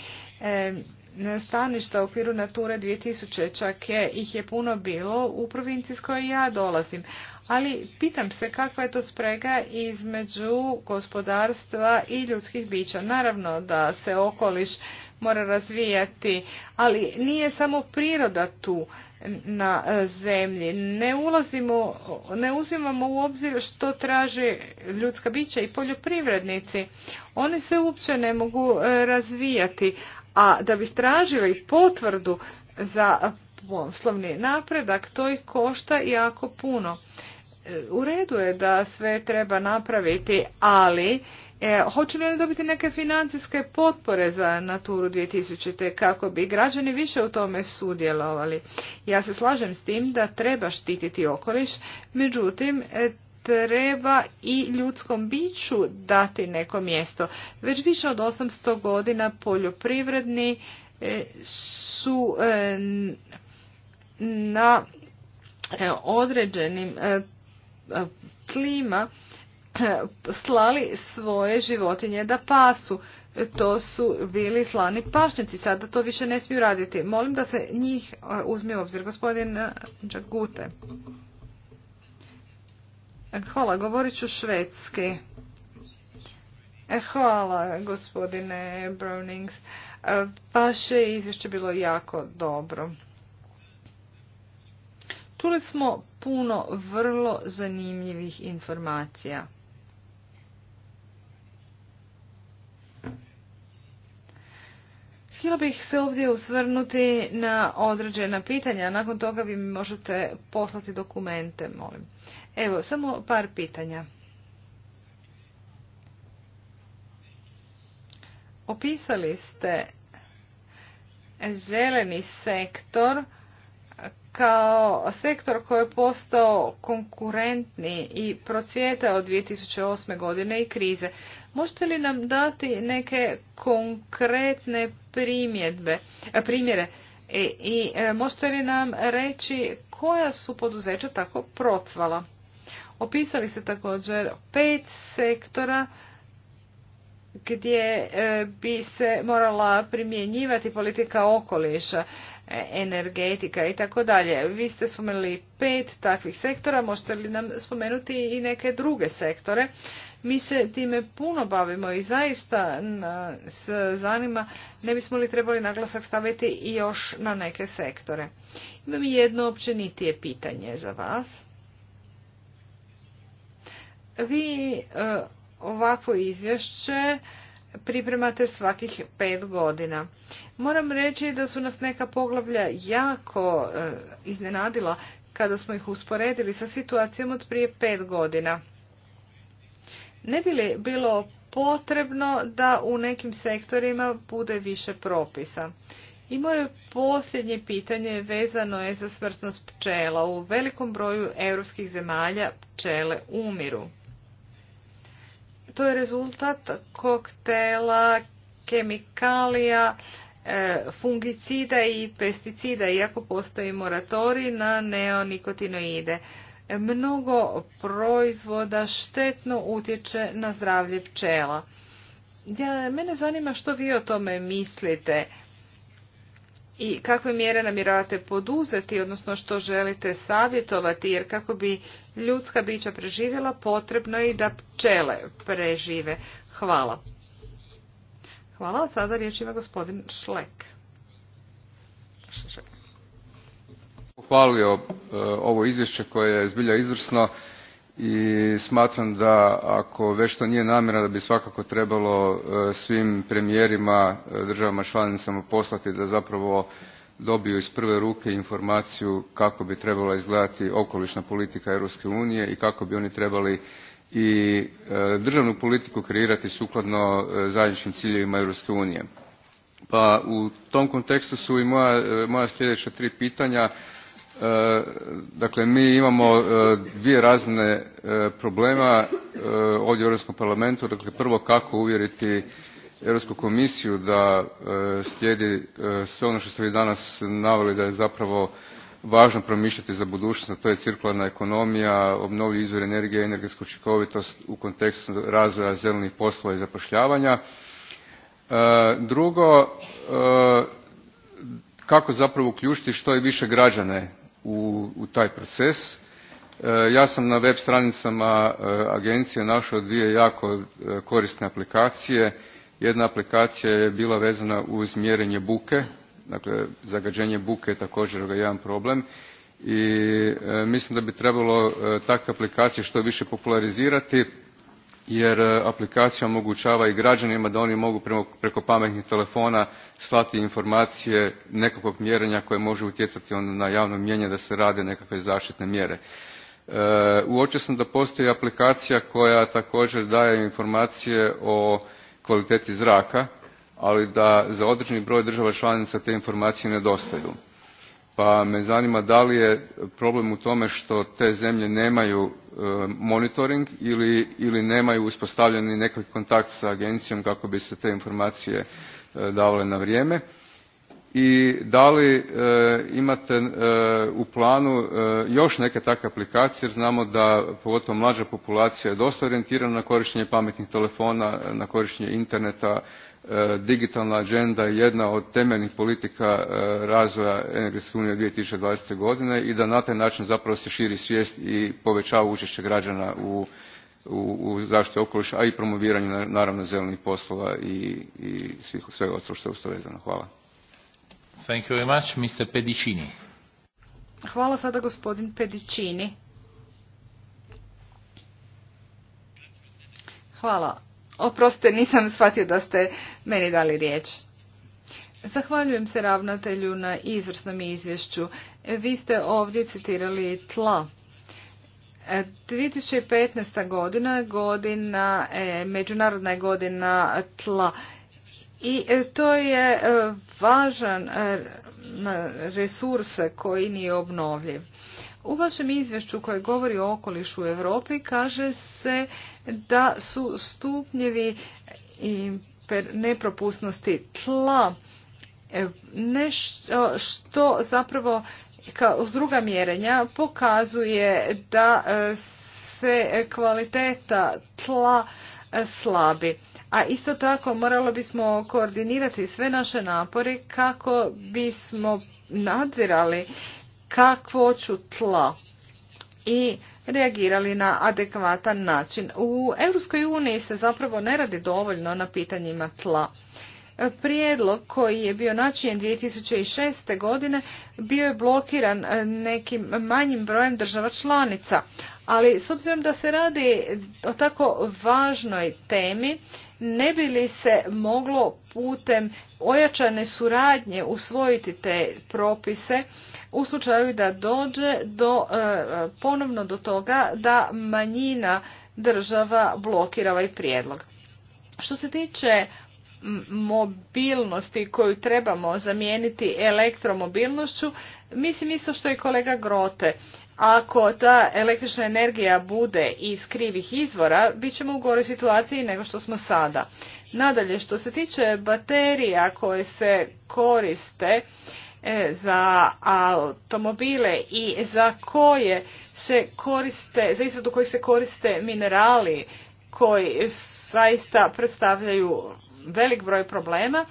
staništa u okviru Nature 2000, čak je, ih je puno bilo u provinciji s kojoj ja dolazim. Ali pitam se kakva je to sprega između gospodarstva i ljudskih bića. Naravno da se okoliš mora razvijati, ali nije samo priroda tu na zemlji. Ne, ulazimo, ne uzimamo u obzir što traže ljudska bića i poljoprivrednici. Oni se uopće ne mogu e, razvijati, a da bi stražili potvrdu za poslovni napredak, to ih košta jako puno. E, u redu je da sve treba napraviti, ali e, hoće li oni dobiti neke financijske potpore za Naturu 2000 te kako bi građani više u tome sudjelovali? Ja se slažem s tim da treba štititi okoliš, međutim, e, treba i ljudskom biću dati neko mjesto. Već više od 800 godina poljoprivredni e, su e, na e, određenim tlima slali svoje životinje da pasu. To su bili slani pašnjaci sada to više ne smiju raditi. Molim da se njih uzmi u obzir, gospodin Đagute. E, hvala, govorit ću švedski. E, hvala, gospodine Brownings. E, vaše izvješće bilo jako dobro. Čuli smo puno vrlo zanimljivih informacija. Htjela bih se ovdje usvrnuti na određena pitanja. Nakon toga vi mi možete poslati dokumente, molim. Evo, samo par pitanja. Opisali ste zeleni sektor kao sektor koji je postao konkurentni i procvjetao od 2008. godine i krize. Možete li nam dati neke konkretne primjedbe, e, primjere e, i, i e, možete li nam reći koja su poduzeća tako procvala? Opisali ste također pet sektora gdje bi se morala primjenjivati politika okoliša. E, energetika i tako dalje. Vi ste spomenuli pet takvih sektora, možete li nam spomenuti i neke druge sektore? Mi se time puno bavimo i zaista nas zanima ne bismo li trebali naglasak staviti i još na neke sektore. Imam jedno općenitije pitanje za vas. Vi e, ovakvo izvješće pripremate svakih pet godina. Moram reći da su nas neka poglavlja jako e, iznenadila kada smo ih usporedili sa situacijom od prije pet godina. Ne bi li bilo potrebno da u nekim sektorima bude više propisa? I moje posljednje pitanje vezano je za smrtnost pčela. U velikom broju europskih zemalja pčele umiru. To je rezultat koktela kemikalija, e, fungicida i pesticida, iako postoji moratorij na neonikotinoide. Mnogo proizvoda štetno utječe na zdravlje pčela. mene zanima što vi o tome mislite i kakve mjere namjeravate poduzeti, odnosno što želite savjetovati, jer kako bi ljudska bića preživjela, potrebno je i da pčele prežive. Hvala. Hvala, sada riječ ima gospodin Šlek. Pohvalio e, ovo izvješće koje je zbilja izvrsno i smatram da ako već to nije namjera da bi svakako trebalo e, svim premijerima e, državama članicama poslati da zapravo dobiju iz prve ruke informaciju kako bi trebala izgledati okolišna politika Europske unije i kako bi oni trebali i e, državnu politiku kreirati sukladno zajedničkim ciljevima Europske unije. Pa u tom kontekstu su i moja, moja sljedeća tri pitanja E, dakle mi imamo e, dvije razne e, problema ovdje u europskom parlamentu dakle prvo kako uvjeriti europsku komisiju da slijedi sve ono što ste vi danas naveli da je zapravo važno promišljati za budućnost a to je cirkularna ekonomija obnovljivi izvori energije energetska učinkovitost u kontekstu razvoja zelenih poslova i zapošljavanja. drugo kako zapravo uključiti što je više građane u, taj proces. E, ja sam na web stranicama e, agencije našao dvije jako e, korisne aplikacije. Jedna aplikacija je bila vezana uz mjerenje buke, dakle zagađenje buke je također jedan problem i mislim da bi trebalo takve aplikacije što više popularizirati jer e, aplikacija omogućava i građanima da oni mogu preko pametnih telefona slati informacije nekakvog mjerenja koje može utjecati onda na javno mjenje da se rade nekakve zaštitne mjere. E, uočio sam da postoji aplikacija koja također daje informacije o kvaliteti zraka, ali da za određeni broj država članica te informacije nedostaju pa me zanima da li je problem u tome što te zemlje nemaju e, monitoring ili, nemaju uspostavljeni nekakav kontakt sa agencijom kako bi se te informacije e, davale na vrijeme i da li e, imate u planu još neke takve aplikacije jer znamo da pogotovo mlađa populacija je dosta orijentirana na korištenje pametnih telefona na korištenje interneta E, digitalna agenda je jedna od temeljnih politika e, razvoja energetske unije dvije tisuće dvadeset godine i da na taj način zapravo se širi svijest i povećava učešće građana u, zaštiti okoliša a i promoviranju naravno zelenih poslova i, svih, svega ostalog što je uz vezano. Hvala. Thank you very much, Mr. Pedicini. Hvala sada gospodin Pedicini. Hvala. Oprostite, nisam shvatio da ste meni dali riječ. Zahvaljujem se ravnatelju na izvrsnom izvješću. Vi ste ovdje citirali tla. 2015. E, godina godina, e, međunarodna je godina tla i e, to je važan resurs koji nije obnovljiv. U vašem izvješću koje govori o okolišu u Europi kaže se da su stupnjevi i nepropusnosti tla e, nešto što zapravo uz druga mjerenja pokazuje da e, se kvaliteta tla e, slabi. A isto tako moralo bismo koordinirati sve naše napore kako bismo nadzirali kakvoću tla i reagirali na adekvatan način. U Europskoj uniji se zapravo ne radi dovoljno na pitanjima tla. Prijedlog koji je bio načinjen 2006. godine bio je blokiran e, nekim manjim brojem država članica, ali s obzirom da se radi o tako važnoj temi, ne bi li se moglo putem ojačane suradnje usvojiti te propise u slučaju da dođe do e, ponovno do toga da manjina država blokira ovaj prijedlog. Što se tiče mobilnosti koju trebamo zamijeniti elektromobilnošću, mislim isto što je kolega Grote. Ako ta električna energija bude iz krivih izvora, bit ćemo u goroj situaciji nego što smo sada. Nadalje, što se tiče baterija koje se koriste E, za automobile i za koje se koriste, za izradu kojih se koriste minerali koji zaista predstavljaju velik broj problema,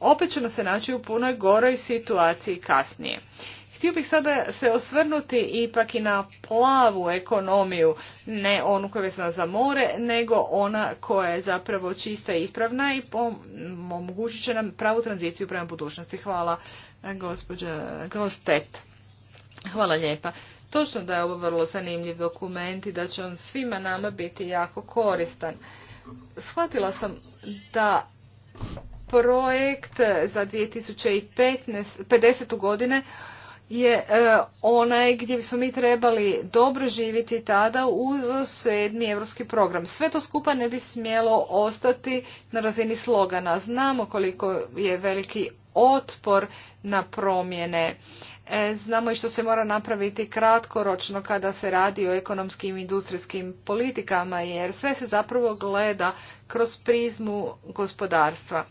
opet ćemo se naći u punoj goroj situaciji kasnije. Htio bih sada se osvrnuti ipak i na plavu ekonomiju, ne onu koja je vezana za more, nego ona koja je zapravo čista i ispravna i omogućit će nam pravu tranziciju prema budućnosti. Hvala gospođa Grostet. Hvala lijepa. Točno da je ovo vrlo zanimljiv dokument i da će on svima nama biti jako koristan. Shvatila sam da projekt za 2015. 50. godine je e, onaj gdje bismo mi trebali dobro živjeti tada uz sedmi europski program. Sve to skupa ne bi smjelo ostati na razini slogana. Znamo koliko je veliki otpor na promjene. E, znamo i što se mora napraviti kratkoročno kada se radi o ekonomskim i industrijskim politikama, jer sve se zapravo gleda kroz prizmu gospodarstva.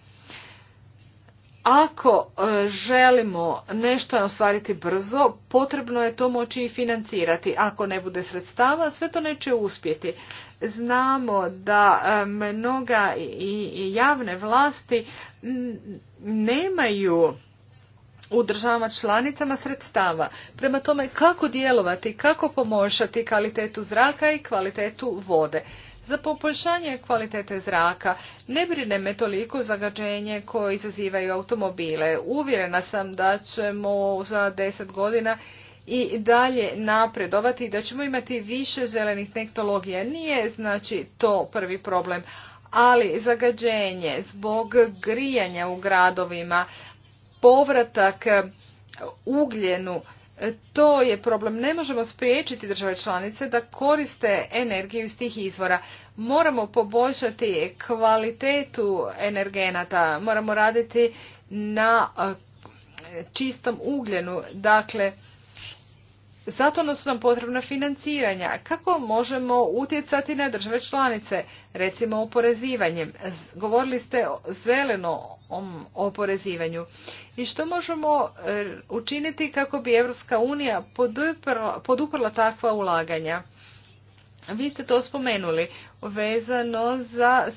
Ako e, želimo nešto ostvariti brzo, potrebno je to moći i financirati. Ako ne bude sredstava, sve to neće uspjeti. Znamo da e, mnoga i javne vlasti nemaju u državama članicama sredstava. Prema tome kako djelovati, kako pomošati kvalitetu zraka i kvalitetu vode. Za poboljšanje kvalitete zraka ne brine me toliko zagađenje koje izazivaju automobile. Uvjerena sam da ćemo za deset godina i dalje napredovati i da ćemo imati više zelenih tehnologija. Nije znači to prvi problem, ali zagađenje zbog grijanja u gradovima, povratak ugljenu, to je problem. Ne možemo spriječiti države članice da koriste energiju iz tih izvora. Moramo poboljšati kvalitetu energenata, moramo raditi na čistom ugljenu. Dakle, zato su nam potrebna financiranja. Kako možemo utjecati na države članice, recimo oporezivanjem? Govorili ste o oporezivanju. I što možemo er, učiniti kako bi Europska unija poduprla takva ulaganja? Vi ste to spomenuli vezano za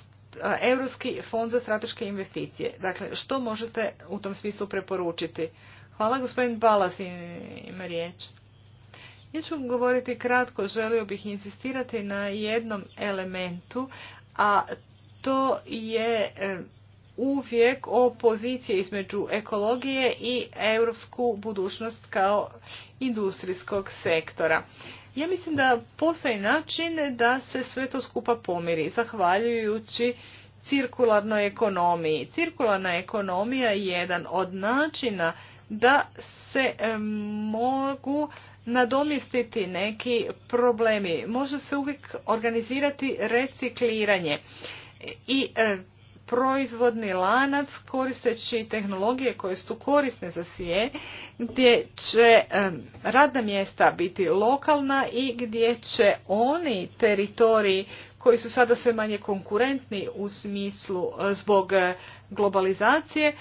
Europski fond za strateške investicije. Dakle, što možete u tom smislu preporučiti? Hvala, gospodin Balas ima riječ. Ja ću govoriti kratko, želio bih insistirati na jednom elementu, a to je e, uvijek o pozicije između ekologije i europsku budućnost kao industrijskog sektora. Ja mislim da postoji način da se sve to skupa pomiri, zahvaljujući cirkularnoj ekonomiji. Cirkularna ekonomija je jedan od načina da se mogu nadomjestiti neki problemi. Može se uvijek organizirati recikliranje i e, proizvodni lanac koristeći tehnologije koje su korisne za sije, gdje će e, radna mjesta biti lokalna i gdje će oni teritoriji koji su sada sve manje konkurentni u smislu e, zbog globalizacije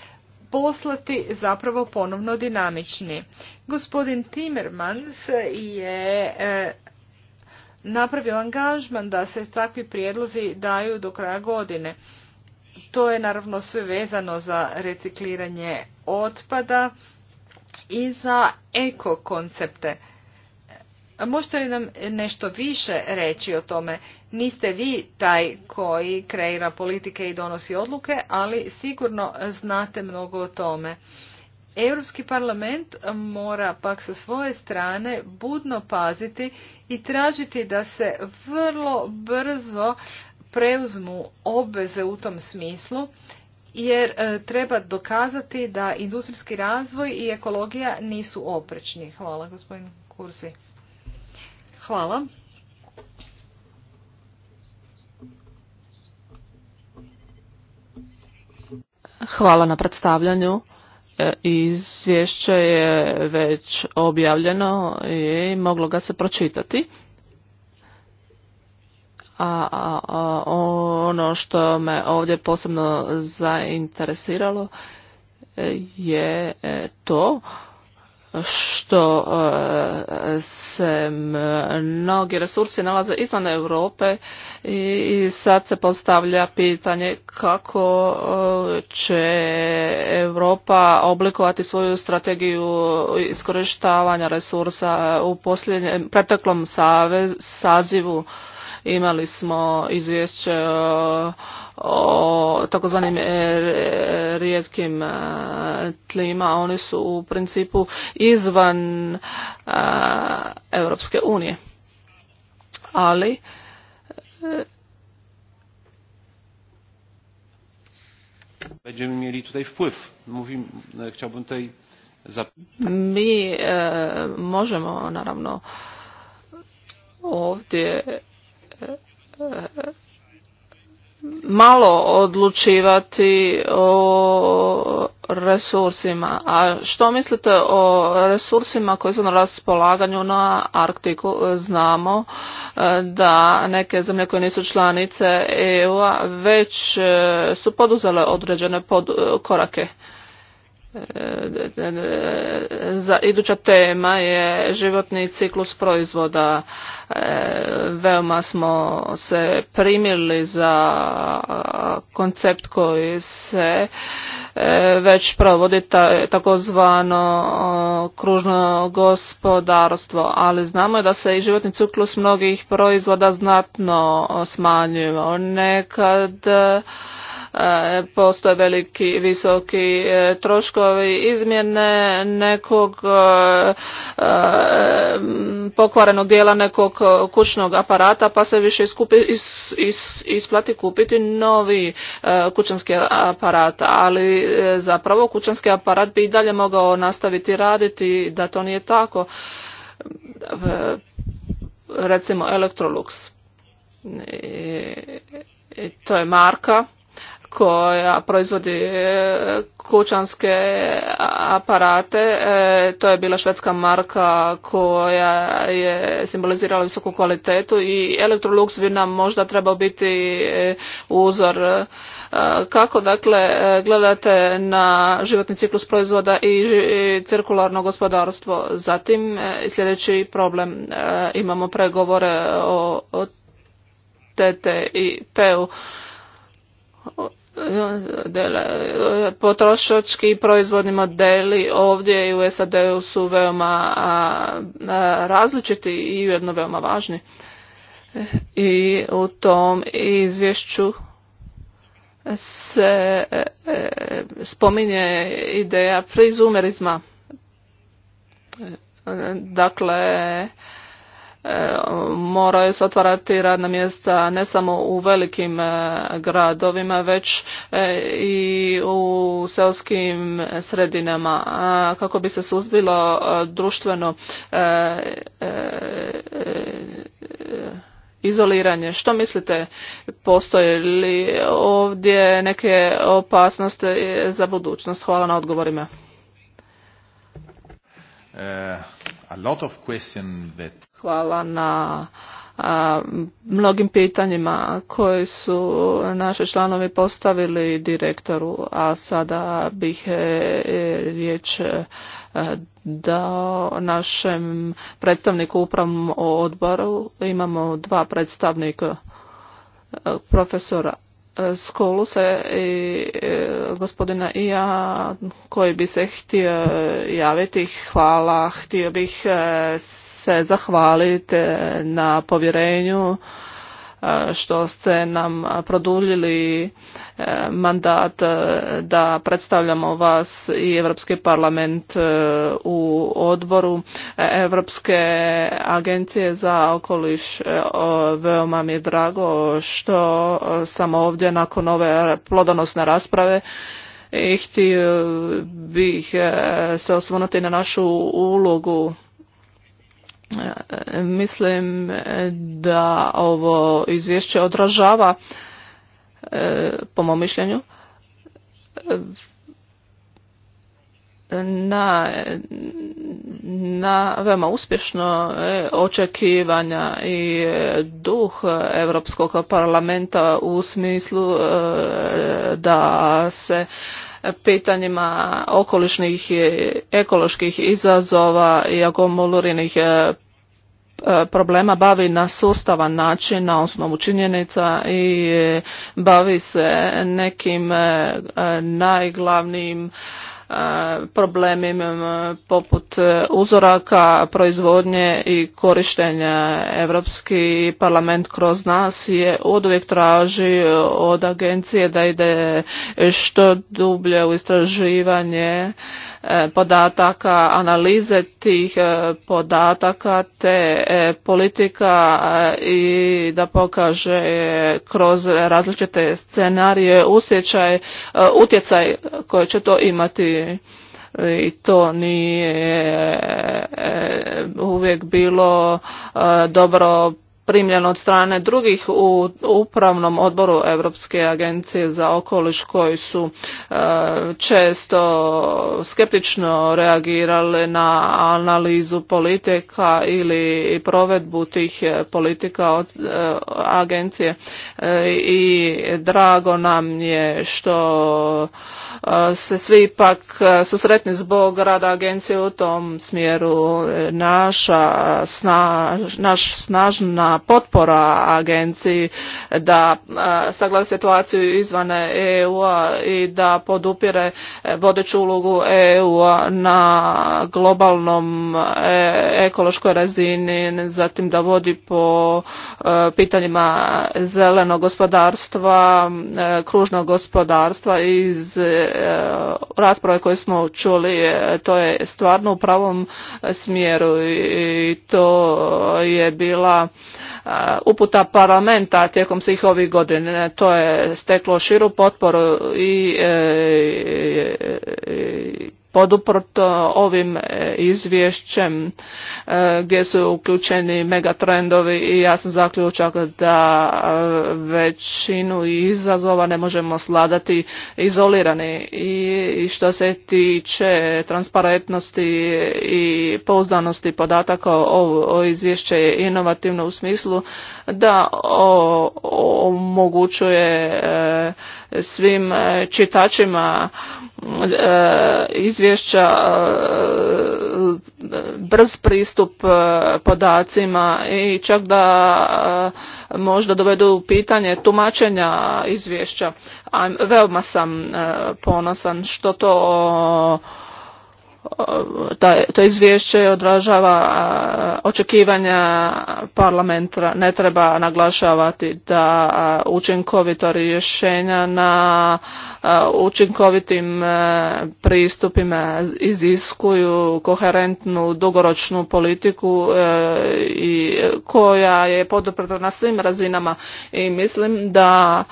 poslati zapravo ponovno dinamični. Gospodin Timmermans je e, napravio angažman da se takvi prijedlozi daju do kraja godine. To je naravno sve vezano za recikliranje otpada i za eko koncepte. Možete li nam nešto više reći o tome? Niste vi taj koji kreira politike i donosi odluke, ali sigurno znate mnogo o tome. Europski parlament mora pak sa svoje strane budno paziti i tražiti da se vrlo brzo preuzmu obveze u tom smislu, jer e, treba dokazati da industrijski razvoj i ekologija nisu oprečni. Hvala gospodin Kursi. Hvala. Hvala na predstavljanju. E, izvješće je već objavljeno i moglo ga se pročitati. A, a ono što me ovdje posebno zainteresiralo e, je e, to što e, se mnogi resursi nalaze izvan Europe i sad se postavlja pitanje kako e, će Europa oblikovati svoju strategiju iskorištavanja resursa u posljednjem, preteklom sazivu Imali smo izvješće e, o takozvanim e, rijetkim e, tlima. Oni su u principu izvan Europske unije. Ali będziemy mieli tutaj wpływ. Mówimy, chciałbym tutaj My e, možemo o ovdje malo odlučivati o resursima. A što mislite o resursima koji su na raspolaganju na Arktiku? Znamo e, da neke zemlje koje nisu članice EU-a već e, su poduzele određene korake za iduća tema je životni ciklus proizvoda. E, veoma smo se primili za koncept koji se e, već provodi takozvano kružno gospodarstvo, ali znamo da se i životni ciklus mnogih proizvoda znatno smanjuje. Nekad E, postoje veliki visoki e, troškovi izmjene nekog e, pokvarenog dijela nekog kućnog aparata pa se više is, isplati kupiti novi kućanski aparat ali zapravo kućanski aparat bi i dalje mogao nastaviti raditi da to nije tako recimo Electrolux to je marka koja proizvodi e, kućanske aparate. E, to je bila švedska marka koja je simbolizirala visoku kvalitetu i Electrolux bi nam možda trebao biti e, uzor kako dakle gledate na životni ciklus proizvoda i cirkularno gospodarstvo. Zatim sljedeći problem imamo pregovore o TTIP-u potrošački proizvodni modeli ovdje i u SAD-u su veoma različiti i ujedno veoma važni. I u tom izvješću se e, spominje ideja prizumerizma. E, dakle, E, moraju se otvarati radna mjesta ne samo u velikim e, gradovima već e, i u seoskim sredinama kako bi se suzbilo društveno izoliranje. Što mislite, postoje li ovdje neke opasnosti za budućnost? Hvala na odgovorima. Uh, Hvala na a, mnogim pitanjima koje su naši članovi postavili direktoru, a sada bih e, e, riječ e, dao našem predstavniku upravnom odboru. Imamo dva predstavnika, e, profesora Skoluse i gospodina i ja koji bi se htio javiti. Hvala, htio bih se zahvaliti na povjerenju e, što ste nam produljili e, mandat e, da predstavljamo vas i Europski parlament u odboru Europske agencije za okoliš. Veoma mi je drago što sam ovdje nakon ove plodonosne rasprave i htio bih se osvonuti na našu ulogu Mislim da ovo izvješće odražava, e, po mom mišljenju, na, na veoma uspješno e, očekivanja i duh Europskog parlamenta u smislu e, da se pitanjima okolišnih i ekoloških izazova i akumuliranih e, e, problema bavi na sustavan način na osnovu činjenica i bavi se nekim e, najglavnijim problemima poput e, uzoraka, proizvodnje i korištenja. Europski parlament kroz nas je uvijek traži od agencije da ide što dublje u istraživanje E, podataka, analize tih e, podataka te e, politika i da pokaže kroz različite scenarije usjećaj, utjecaj koje će to imati i to nije uvijek bilo dobro primljen od strane drugih u upravnom odboru Europske agencije za okoliš koji su e, često skeptično reagirali na analizu politika ili provedbu tih e, politika od e, agencije i drago nam je što se svi ipak sretni zbog rada agencije u tom smjeru. Naša naš snažna potpora agenciji da sagleda situaciju izvan EU-a i da podupire e, vodeću ulogu EU-a na globalnom e, ekološkoj razini, zatim da vodi po e, pitanjima zelenog gospodarstva, kružnog gospodarstva iz E, rasprave koje smo čuli, e, to je stvarno u pravom smjeru i to je bila e, uputa parlamenta tijekom svih ovih godina. To je steklo širu potporu i Poduprto e, ovim e, izvješćem e, gdje su uključeni megatrendovi i ja sam zaključak da većinu izazova ne možemo sladati izolirani i što se tiče transparentnosti i pouzdanosti podataka ovo izvješće je inovativno u smislu da omogućuje svim e, čitačima e, izvješća e, brz pristup podacima i čak da možda dovedu u pitanje tumačenja izvješća. Veoma sam ponosan što to to izvješće odražava očekivanja parlamenta. Ne treba naglašavati da učinkovito rješenja na učinkovitim e, pristupima iziskuju koherentnu dugoročnu politiku e, i koja je poduprta na svim razinama i mislim da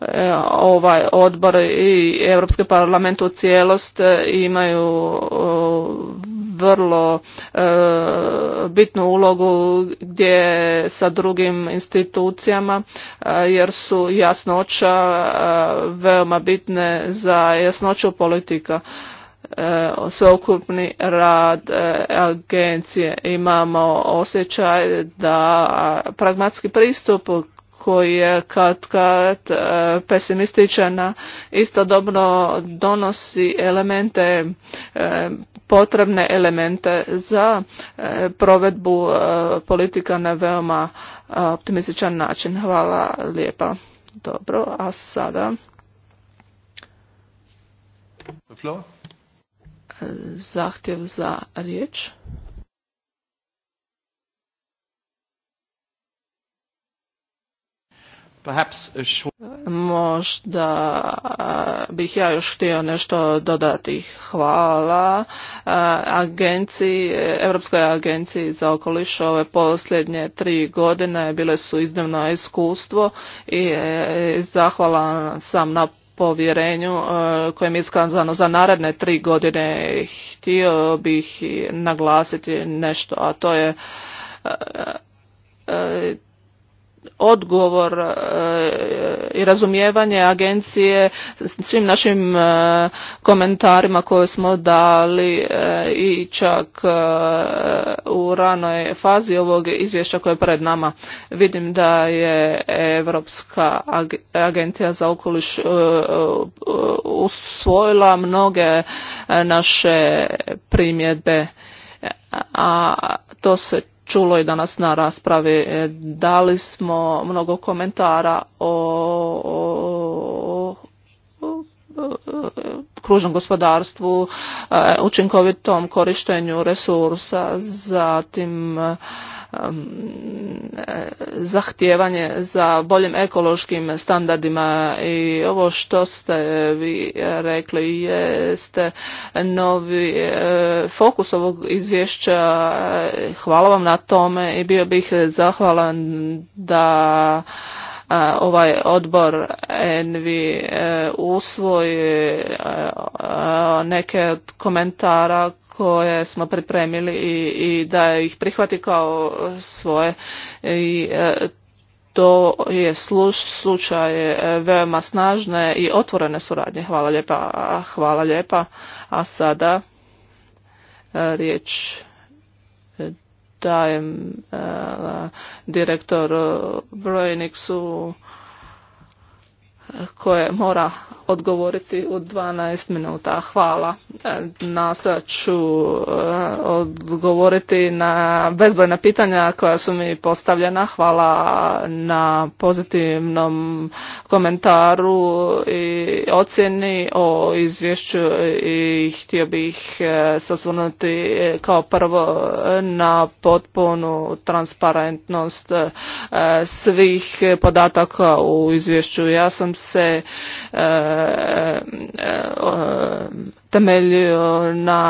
E, ovaj odbor i Europski parlament u cijelost imaju vrlo e, bitnu ulogu gdje sa drugim institucijama e, jer su jasnoća veoma bitne za jasnoću politika sveukupni rad agencije imamo osjećaj da pragmatski pristup koji je kad kad e, pesimističan, istodobno donosi elemente, e, potrebne elemente za e, provedbu politika na veoma optimističan način. Hvala lijepa. Dobro, a sada... Zahtjev za riječ. Možda bih ja još htio nešto dodati. Hvala agenciji, Europskoj agenciji za okoliš ove posljednje tri godine bile su iznimno iskustvo i e, zahvala sam na povjerenju e, kojem je iskazano za naredne tri godine. Htio bih naglasiti nešto, a to je e, odgovor e, i razumijevanje agencije svim našim e, komentarima koje smo dali e, i čak u ranoj fazi ovog izvješća koje je pred nama. Vidim da je Europska agencija za okoliš usvojila mnoge naše primjedbe a to se čulo i danas na raspravi. E, dali smo mnogo komentara o, o kružnom gospodarstvu, e, učinkovitom korištenju resursa, zatim E, zahtijevanje za boljim ekološkim standardima i ovo što ste vi rekli jeste novi e, fokus ovog izvješća. E, hvala vam na tome i bio bih zahvalan da ovaj odbor Envi usvoji e, neke komentara koje smo pripremili i, i da ih prihvati kao svoje i e, to je slučaj e, veoma snažne i otvorene suradnje. Hvala lijepa. Hvala lijepa. A sada riječ dajem direktor e, Brojnik su koje mora odgovoriti u 12 minuta. Hvala. E, nastojat ću e, odgovoriti na bezbrojna pitanja koja su mi postavljena. Hvala na pozitivnom komentaru i ocjeni o izvješću i htio bih e, sasvrnuti kao prvo na potpunu transparentnost svih podataka u izvješću. Ja sam se uh, uh, uh, temelj na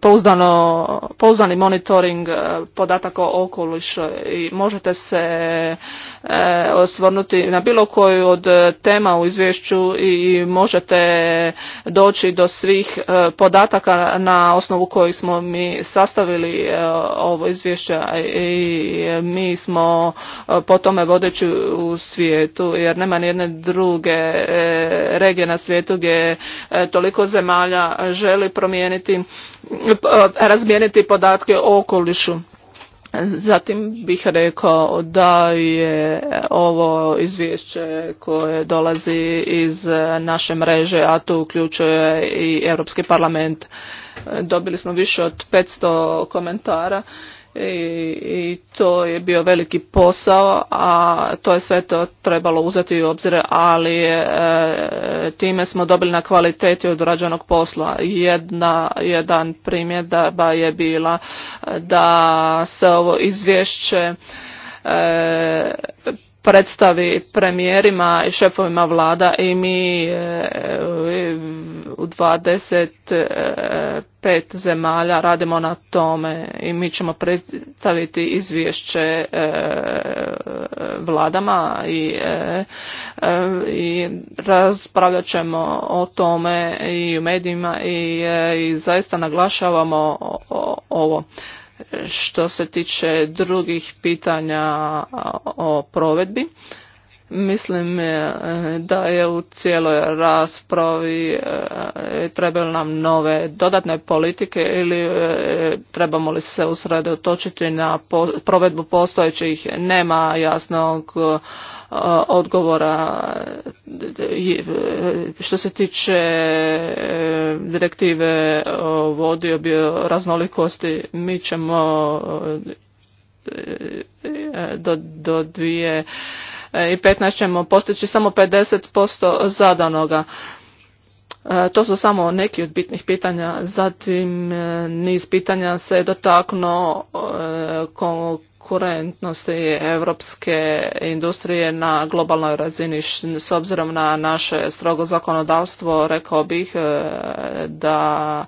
pouzdano, pouzdani monitoring e, podataka o okolišu i možete se e, osvrnuti na bilo koju od tema u izvješću i možete doći do svih e, podataka na osnovu kojih smo mi sastavili ovo izvješće i mi smo po tome vodeći u svijetu jer nema ni jedne druge regije na svijetu gdje toliko zemalja zemalja želi promijeniti, razmijeniti podatke o okolišu. Zatim bih rekao da je ovo izvješće koje dolazi iz naše mreže, a to uključuje i Europski parlament. Dobili smo više od 500 komentara i to je bio veliki posao, a to je sve to trebalo uzeti u obzir, ali e, time smo dobili na kvaliteti odrađenog posla. Jedna, jedan primjedba je bila da se ovo izvješće e, predstavi premijerima i šefovima vlada i mi e, u 25 zemalja radimo na tome i mi ćemo predstaviti izvješće e, vladama i, e, i raspravljat ćemo o tome i u medijima i, i zaista naglašavamo ovo što se tiče drugih pitanja o provedbi Mislim eh, da je u cijeloj raspravi eh, trebali nam nove dodatne politike ili eh, trebamo li se usredotočiti na provedbu postojećih. Nema jasnog odgovora što se tiče direktive o vodi o bioraznolikosti mi ćemo do, do dvije i 15 ćemo postići samo 50% zadanoga. E, to su samo neki od bitnih pitanja. Zatim e, niz pitanja se dotaknuo e, konkurentnosti europske industrije na globalnoj razini. S obzirom na naše strogo zakonodavstvo rekao bih da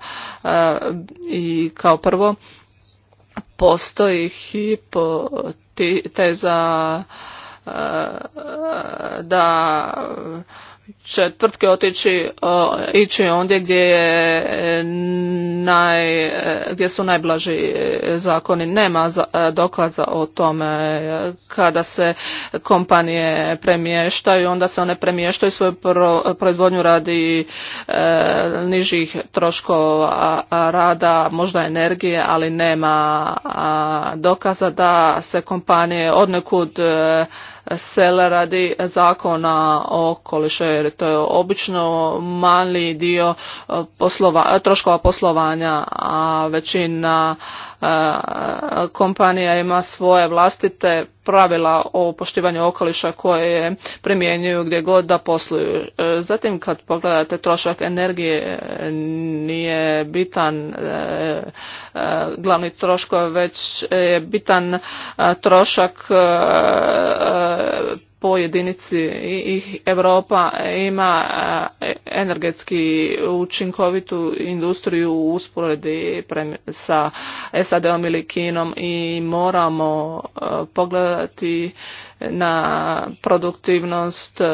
i kao prvo postoji hipoteza za da će tvrtke otići e, ići ondje gdje e, naj, e, gdje su najblaži zakoni. Nema dokaza o tome kada se kompanije premještaju, onda se one premještaju svoju proizvodnju radi nižih troškova rada, možda energije, ali nema dokaza da se kompanije odnekud sela radi zakona o okolišu jer to je obično mali dio eh, troškova poslovanja, a većina kompanija ima svoje vlastite pravila o poštivanju okoliša koje primjenjuju gdje god da posluju. E, zatim kad pogledate trošak energije nije bitan e, e, glavni trošak, već je bitan trošak po jedinici i Europa ima e, energetski učinkovitu industriju u usporedi sa SAD-om ili Kinom i moramo e, pogledati na produktivnost e,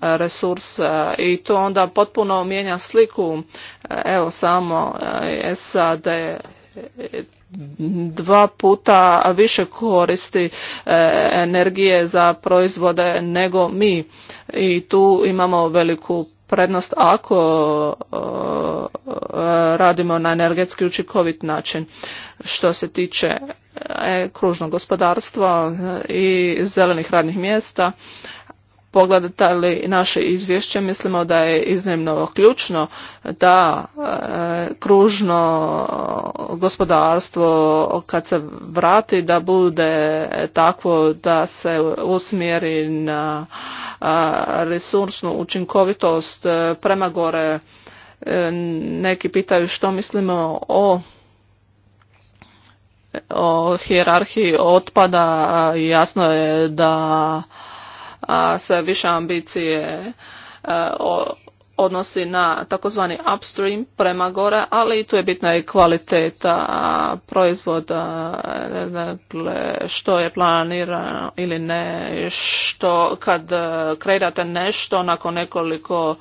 resursa i to onda potpuno mijenja sliku. Evo samo SAD dva puta više koristi e, energije za proizvode nego mi i tu imamo veliku prednost ako e, radimo na energetski učinkovit način. Što se tiče e, kružnog gospodarstva i zelenih radnih mjesta, pogledali naše izvješće, mislimo da je iznimno ključno da e, kružno gospodarstvo kad se vrati da bude takvo da se usmjeri na e, resursnu učinkovitost e, prema gore. Neki pitaju što mislimo o o hijerarhiji otpada jasno je da a sve više ambicije e, odnosi na takozvani upstream prema gore, ali tu je bitna i kvaliteta proizvoda, e, dakle, što je planirano ili ne, što kad e, kreirate nešto nakon nekoliko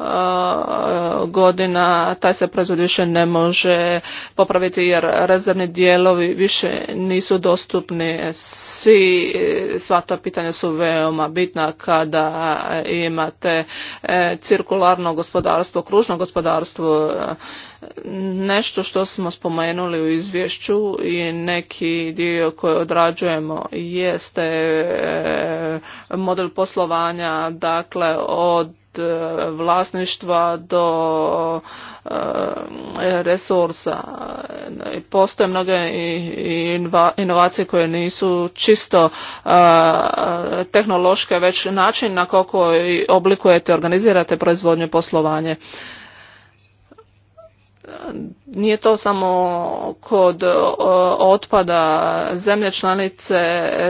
E, godina taj se proizvod više ne može popraviti jer rezervni dijelovi više nisu dostupni. Svi, sva ta pitanja su veoma bitna kada imate e, cirkularno gospodarstvo, kružno gospodarstvo, nešto što smo spomenuli u izvješću i neki dio koji odrađujemo jeste e, model poslovanja, dakle od E, vlasništva do e, resursa. E, postoje mnoge inovacije koje nisu čisto tehnološke, već način na koji oblikujete, organizirate proizvodnje poslovanje nije to samo kod otpada zemlje članice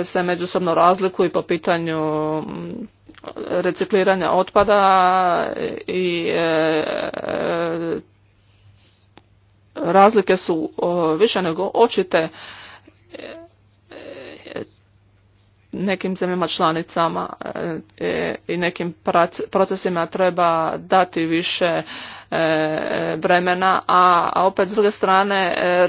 se međusobno razlikuju po pitanju recikliranja otpada i e, e, razlike su više nego očite e, nekim zemljama članicama i nekim procesima treba dati više vremena, a opet s druge strane e,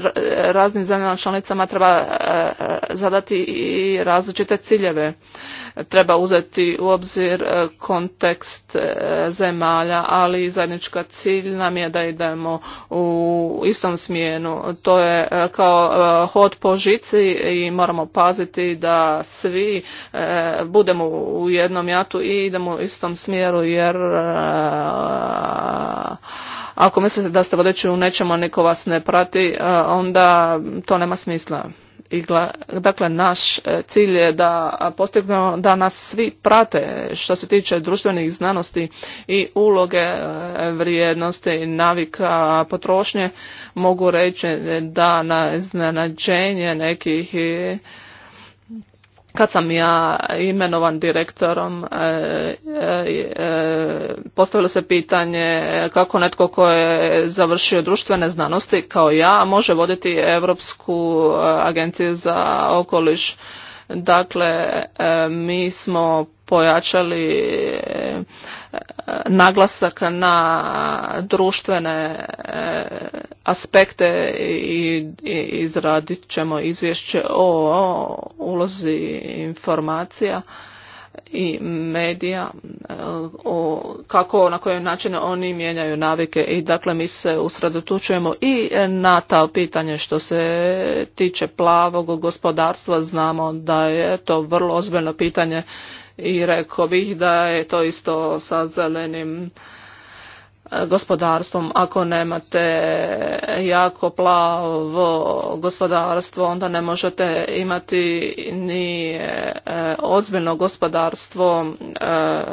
raznim zemljama članicama treba e, zadati i različite ciljeve. Treba uzeti u obzir e, kontekst zemalja, ali i zajednička cilj nam je da idemo u istom smjenu. To je kao hod po žici i moramo paziti da svi budemo u jednom jatu i idemo u istom smjeru jer ako mislite da ste vodeći u nečemu, niko vas ne prati, e, onda to nema smisla. Dakle, naš e, cilj je da postignemo da nas svi prate što se tiče društvenih znanosti i uloge e, vrijednosti, navika, potrošnje. Mogu reći da na iznenađenje nekih kad sam ja imenovan direktorom e, e, e, postavilo se pitanje kako netko tko je završio društvene znanosti kao ja može voditi Europsku agenciju za okoliš. Dakle, mi smo pojačali e, naglasak na društvene e, aspekte i izradit ćemo izvješće o ulozi informacija i medija e, o kako na koji način oni mijenjaju navike i dakle mi se usredotočujemo i na ta pitanje što se tiče plavog gospodarstva znamo da je to vrlo ozbiljno pitanje i rekao bih da je to isto sa zelenim e, gospodarstvom. Ako nemate jako plavo gospodarstvo, onda ne možete imati ni e, ozbiljno gospodarstvo e,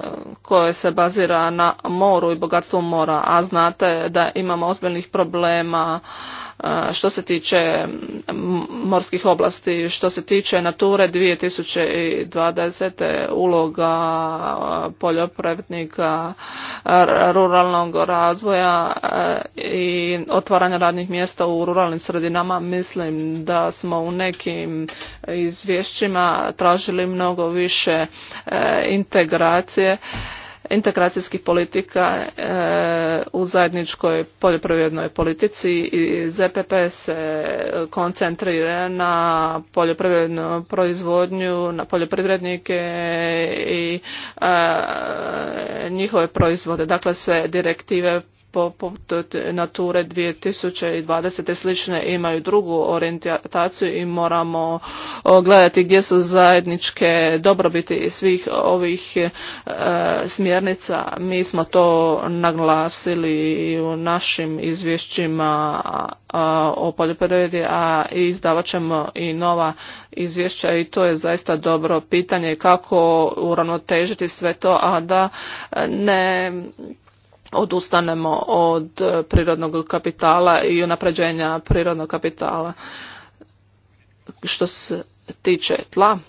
koje se bazira na moru i bogatstvu mora. A znate da imamo ozbiljnih problema što se tiče morskih oblasti, što se tiče Nature 2020. uloga poljoprivrednika, ruralnog razvoja i otvaranja radnih mjesta u ruralnim sredinama. Mislim da smo u nekim izvješćima tražili mnogo više e, integracije integracijskih politika e, u zajedničkoj poljoprivrednoj politici i ZPP se koncentrira na poljoprivrednu proizvodnju, na poljoprivrednike i e, njihove proizvode. Dakle, sve direktive poput Nature 2020. slične imaju drugu orijentaciju i moramo gledati gdje su zajedničke dobrobiti svih ovih e, smjernica. Mi smo to naglasili i u našim izvješćima o poljoprivredi, a izdavat ćemo i nova izvješća i to je zaista dobro pitanje kako uravnotežiti sve to, a da ne odustanemo od e, prirodnog kapitala i unapređenja prirodnog kapitala. Što se tiče tla,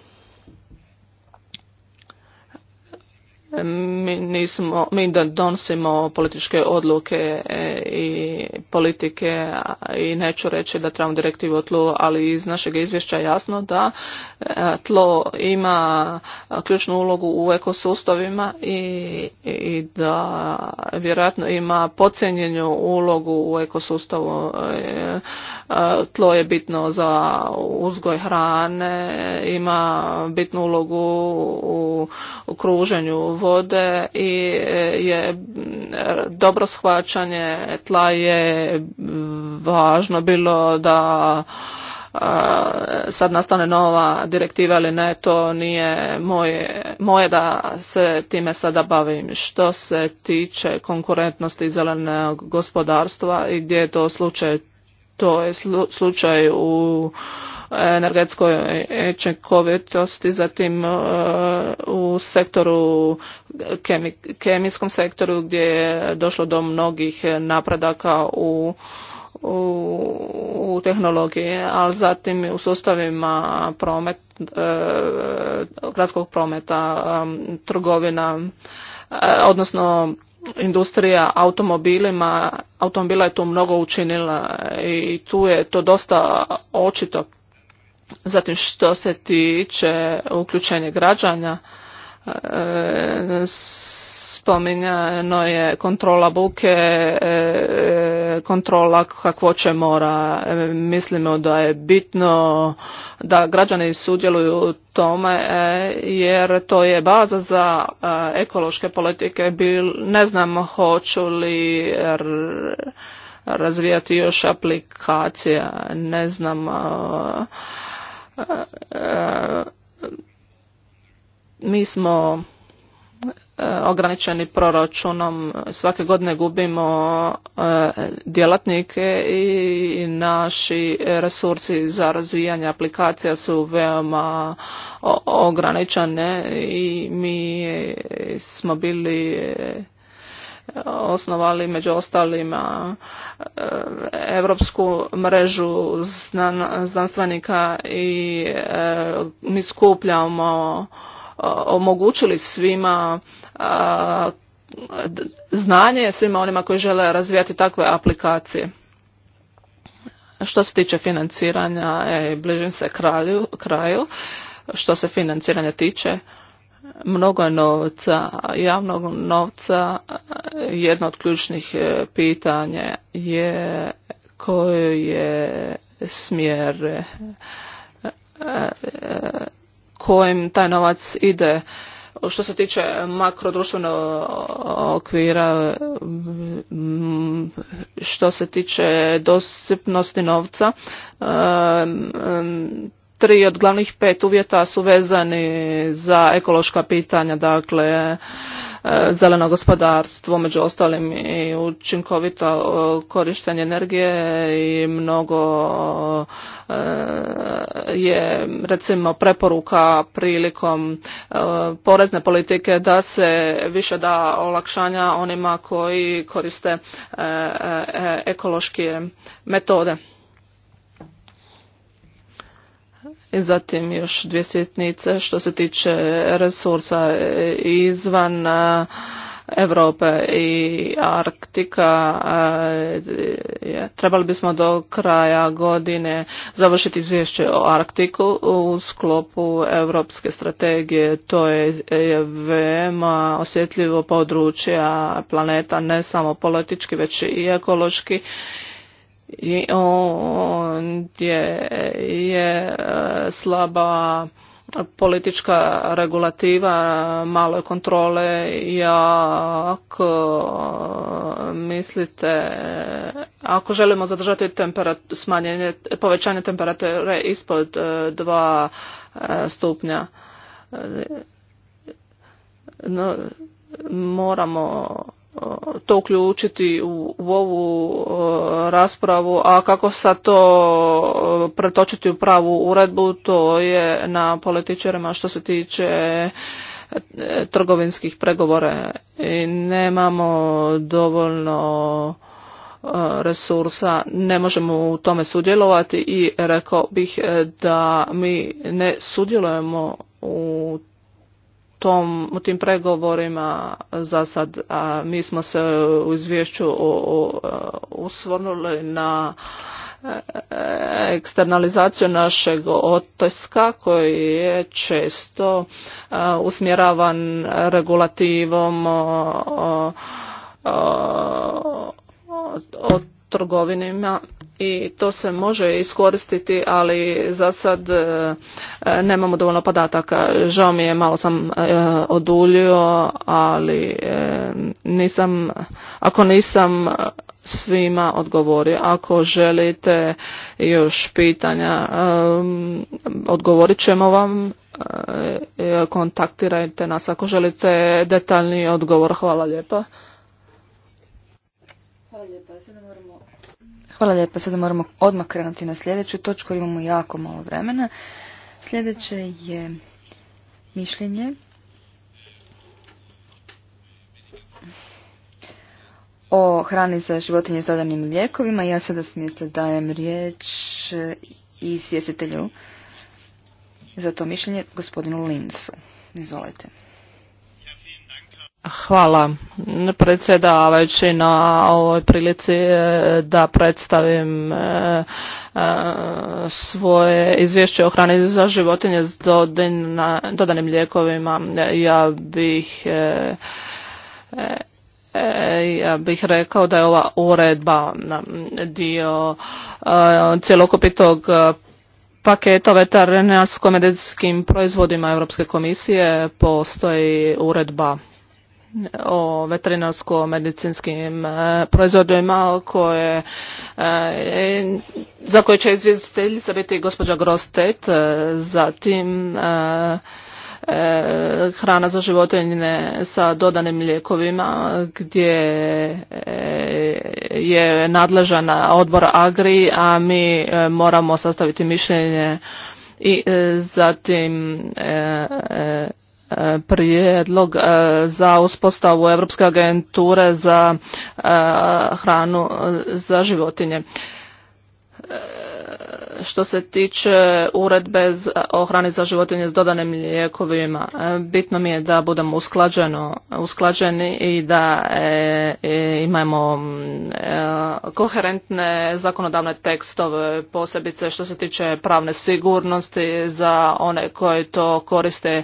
mi nismo, mi donosimo političke odluke e, i politike i neću reći da trebamo direktivu o tlu, ali iz našeg izvješća je jasno da e, tlo ima ključnu ulogu u ekosustavima i, i da vjerojatno ima podcijenjenu ulogu u ekosustavu. E, tlo je bitno za uzgoj hrane, ima bitnu ulogu u, u vode i e, je dobro shvaćanje tla je važno bilo da sad nastane nova direktiva ili ne, to nije moje, moje da se time sada bavim. Što se tiče konkurentnosti zelenog gospodarstva i gdje je to slučaj, to je slučaj u energetskoj učinkovitosti, zatim e, u sektoru, kemijskom sektoru gdje je došlo do mnogih napredaka u u, tehnologiji, ali zatim u sustavima promet, e, gradskog prometa, e, trgovina, odnosno industrija automobilima, automobila je tu mnogo učinila i tu je to dosta očito Zatim što se tiče uključenja građana, e, spominjano je kontrola buke, e, kontrola će mora. E, mislimo da je bitno da građani sudjeluju u tome jer to je baza za ekološke politike. Ne znam hoću li razvijati još aplikacija, ne znam mi smo e, ograničeni proračunom, svake godine gubimo e, djelatnike i naši resursi za razvijanje aplikacija su veoma ograničene i mi smo bili e, osnovali među ostalima Europsku mrežu znanstvenika i e, mi skupljamo e, omogućili svima e, znanje svima onima koji žele razvijati takve aplikacije. Što se tiče financiranja, bližim se kraju, kraju, što se financiranja tiče, mnogo je novca, javnog novca, jedno od ključnih e, pitanja je koji je smjer e, e, kojim taj novac ide. Što se tiče makrodruštvenog okvira, što se tiče dostupnosti novca, tri od glavnih pet uvjeta su vezani za ekološka pitanja, dakle e, zeleno gospodarstvo, među ostalim i učinkovito e, korištenje energije i mnogo e, je recimo preporuka prilikom porezne politike da se više da olakšanja onima koji koriste ekološke metode. I Zatim još dvije sitnice što se tiče resursa e, izvan e, Europe i Arktika. E, Trebali bismo do kraja godine završiti izvješće o Arktiku u sklopu europske strategije. To je veoma osjetljivo područje planeta, ne samo politički, već i ekološki i on je e, slaba politička regulativa, malo kontrole Ja ako e, mislite, ako želimo zadržati smanjenje, povećanje temperature ispod 2 e, stupnja, no, moramo to uključiti u, ovu e, raspravu, a kako sad to e, pretočiti u pravu uredbu, to je na političarima što se tiče e, trgovinskih pregovora. I nemamo dovoljno resursa, ne možemo u tome sudjelovati i rekao bih da mi ne sudjelujemo u tom, u tim pregovorima za sad. A mi smo se u izvješću usvrnuli na e, eksternalizaciju našeg otiska koji je često usmjeravan regulativom od trgovinima i to se može iskoristiti, ali za sad e, nemamo dovoljno podataka. Žao mi je, malo sam e, oduljio, ali e, nisam, ako nisam svima odgovorio. Ako želite još pitanja, odgovorit ćemo vam. Kontaktirajte nas ako želite detaljni odgovor. Hvala lijepa. Hvala lijepa, sada moramo odmah krenuti na sljedeću točku, imamo jako malo vremena. Sljedeće je mišljenje o hrani za životinje s dodanim lijekovima. Ja sada smisla dajem riječ i svjesitelju za to mišljenje, gospodinu Linsu. Izvolite. Hvala predsjedavajući na ovoj prilici e, da predstavim e, e, svoje izvješće o hrani za životinje s dodanim lijekovima. Ja bih ja bih rekao da je ova uredba dio cjelokupitog paketa veterinarsko-medicinskim proizvodima Europske komisije postoji uredba o veterinarsko-medicinskim e, proizvodima koje, e, za koje će izvjestiteljica biti gospođa Grostet, e, zatim hrana za životinje sa dodanim lijekovima gdje je nadležan odbor Agri, a mi moramo sastaviti mišljenje i zatim prijedlog e, za uspostavu Europske agenture za e, hranu e, za životinje. Što se tiče uredbe o hrani za životinje s dodanim lijekovima, bitno mi je da budemo usklađeni i da imamo mm, koherentne zakonodavne tekstove, posebice što se tiče pravne sigurnosti za one koji to koriste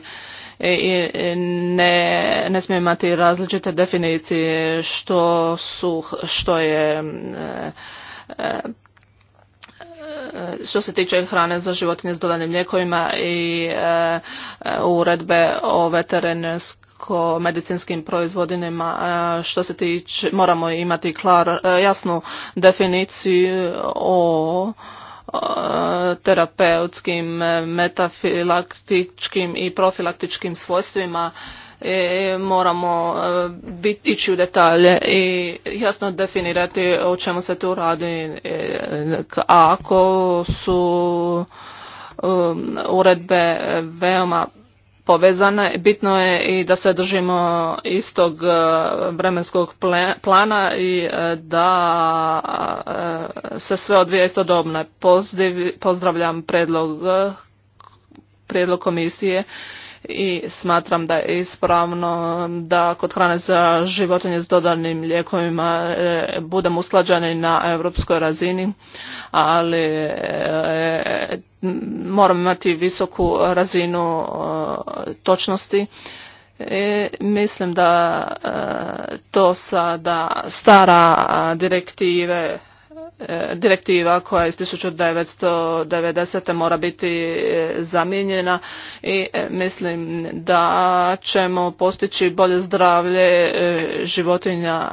E, i e, ne, ne smije imati različite definicije što, su, što je e, što se tiče hrane za životinje s dodanim mlijekovima i uredbe o veterinarskoj medicinskim proizvodinima što se tiče moramo imati klar, jasnu definiciju o terapeutskim, e, metafilaktičkim i profilaktičkim svojstvima e, moramo e, biti, ići u detalje i jasno definirati o čemu se tu radi. ako su um, uredbe veoma povezane. Bitno je i da se držimo istog e, vremenskog plana i e, da e, se sve odvija istodobno. Pozdravljam predlog, predlog komisije i smatram da je ispravno da kod hrane za životinje s dodanim lijekovima budemo usklađeni na europskoj razini, ali moramo imati visoku razinu e, točnosti. I e, mislim da e, to sada stara direktive direktiva koja iz 1990. mora biti zamijenjena i mislim da ćemo postići bolje zdravlje životinja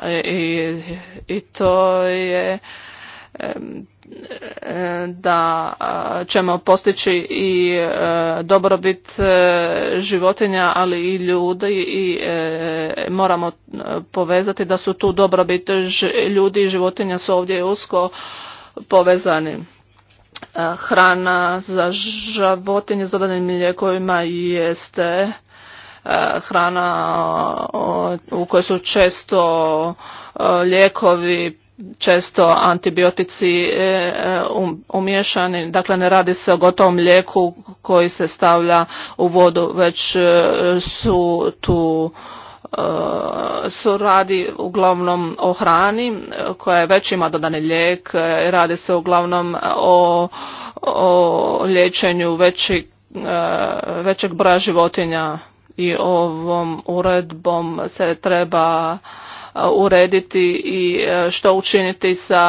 i to je da e, ćemo postići i e, dobrobit e, životinja, ali i ljudi i moramo povezati da su tu dobrobit ljudi i životinja su ovdje usko povezani. Hrana za životinje s dodanim mlijekovima jeste hrana u kojoj su često lijekovi često antibiotici e, e, umješani, dakle ne radi se o gotovom lijeku koji se stavlja u vodu, već e, su tu su radi uglavnom o hrani koja je već ima dodani lijek, radi se uglavnom o, o liječenju veći, većeg broja životinja i ovom uredbom se treba urediti i e, što učiniti sa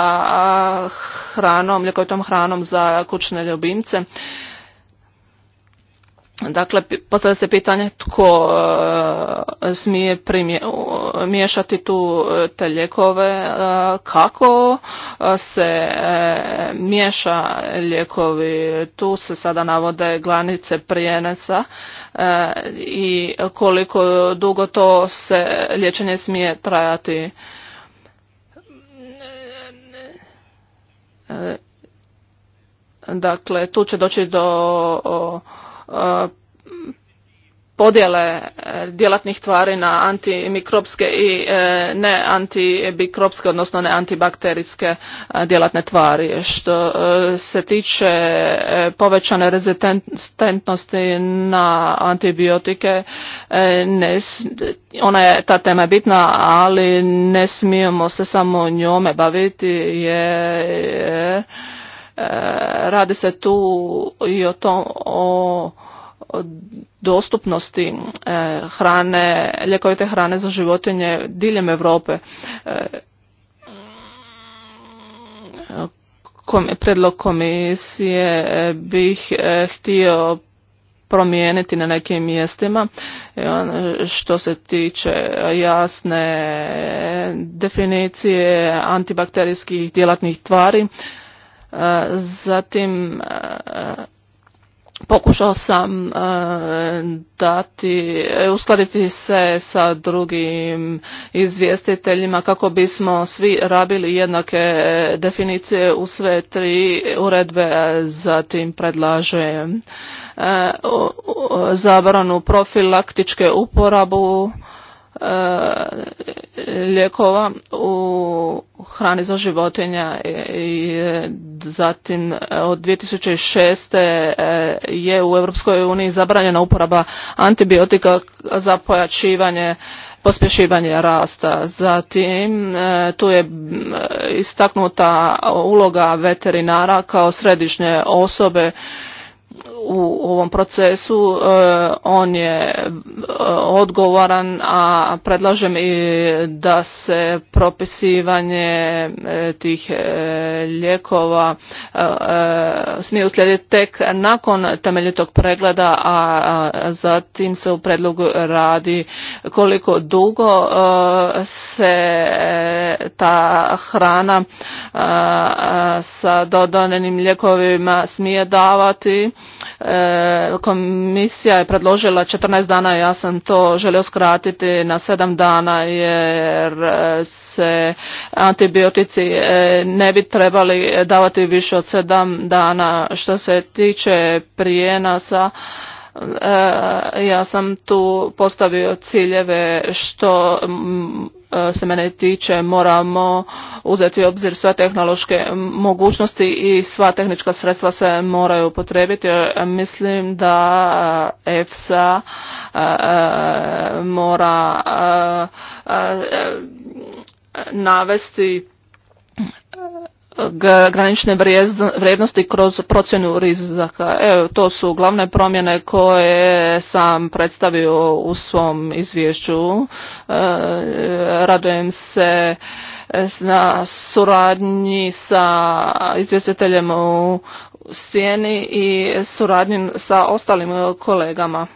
hranom, ljekovitom hranom za kućne ljubimce. Dakle, postavlja se pitanje tko e, smije primje, miješati tu e, te lijekove, e, kako se miješa lijekovi. Tu se sada navode glanice prijeneca i koliko dugo to se liječenje smije trajati. Dakle, tu će doći do podjele e, djelatnih tvari na antimikropske i e, ne antibikropske, odnosno ne antibakterijske e, djelatne tvari. Što se tiče povećane rezistentnosti na antibiotike, ona je, ta tema je bitna, ali ne smijemo se samo njome baviti je E, radi se tu i o tom o dostupnosti e, hrane, ljekovite hrane za životinje diljem Europe. E, predlog komisije bih htio promijeniti na nekim mjestima što se tiče jasne definicije antibakterijskih djelatnih tvari E, zatim e, pokušao sam e, dati, uskladiti se sa drugim izvjestiteljima kako bismo svi rabili jednake definicije u sve tri uredbe, zatim predlažem zabranu profilaktičke uporabu E, lijekova u hrani za životinja i zatim e, od 2006. E, je u Europskoj uniji zabranjena uporaba antibiotika za pojačivanje pospješivanje rasta. Zatim tu je istaknuta uloga veterinara kao središnje osobe u ovom procesu e, on je e, odgovoran a predlažem i da se propisivanje e, tih lijekova smije uslijediti tek nakon temeljitog pregleda a zatim se u predlogu radi koliko dugo se ta hrana sa dodanim lijekovima smije davati E, komisija je predložila 14 dana, ja sam to želio skratiti na 7 dana jer e, se antibiotici e, ne bi trebali davati više od 7 dana. Što se tiče prijenasa, ja sam tu postavio ciljeve što E, se mene tiče moramo uzeti u obzir sve tehnološke mogućnosti i sva tehnička sredstva se moraju potrebiti. E, mislim da e, EFSA mora navesti granične vrijednosti kroz procjenu rizika. Evo, to su glavne promjene koje sam predstavio u svom izvješću. E, radujem se na suradnji sa izvjestiteljem u sjeni i suradnji sa ostalim kolegama.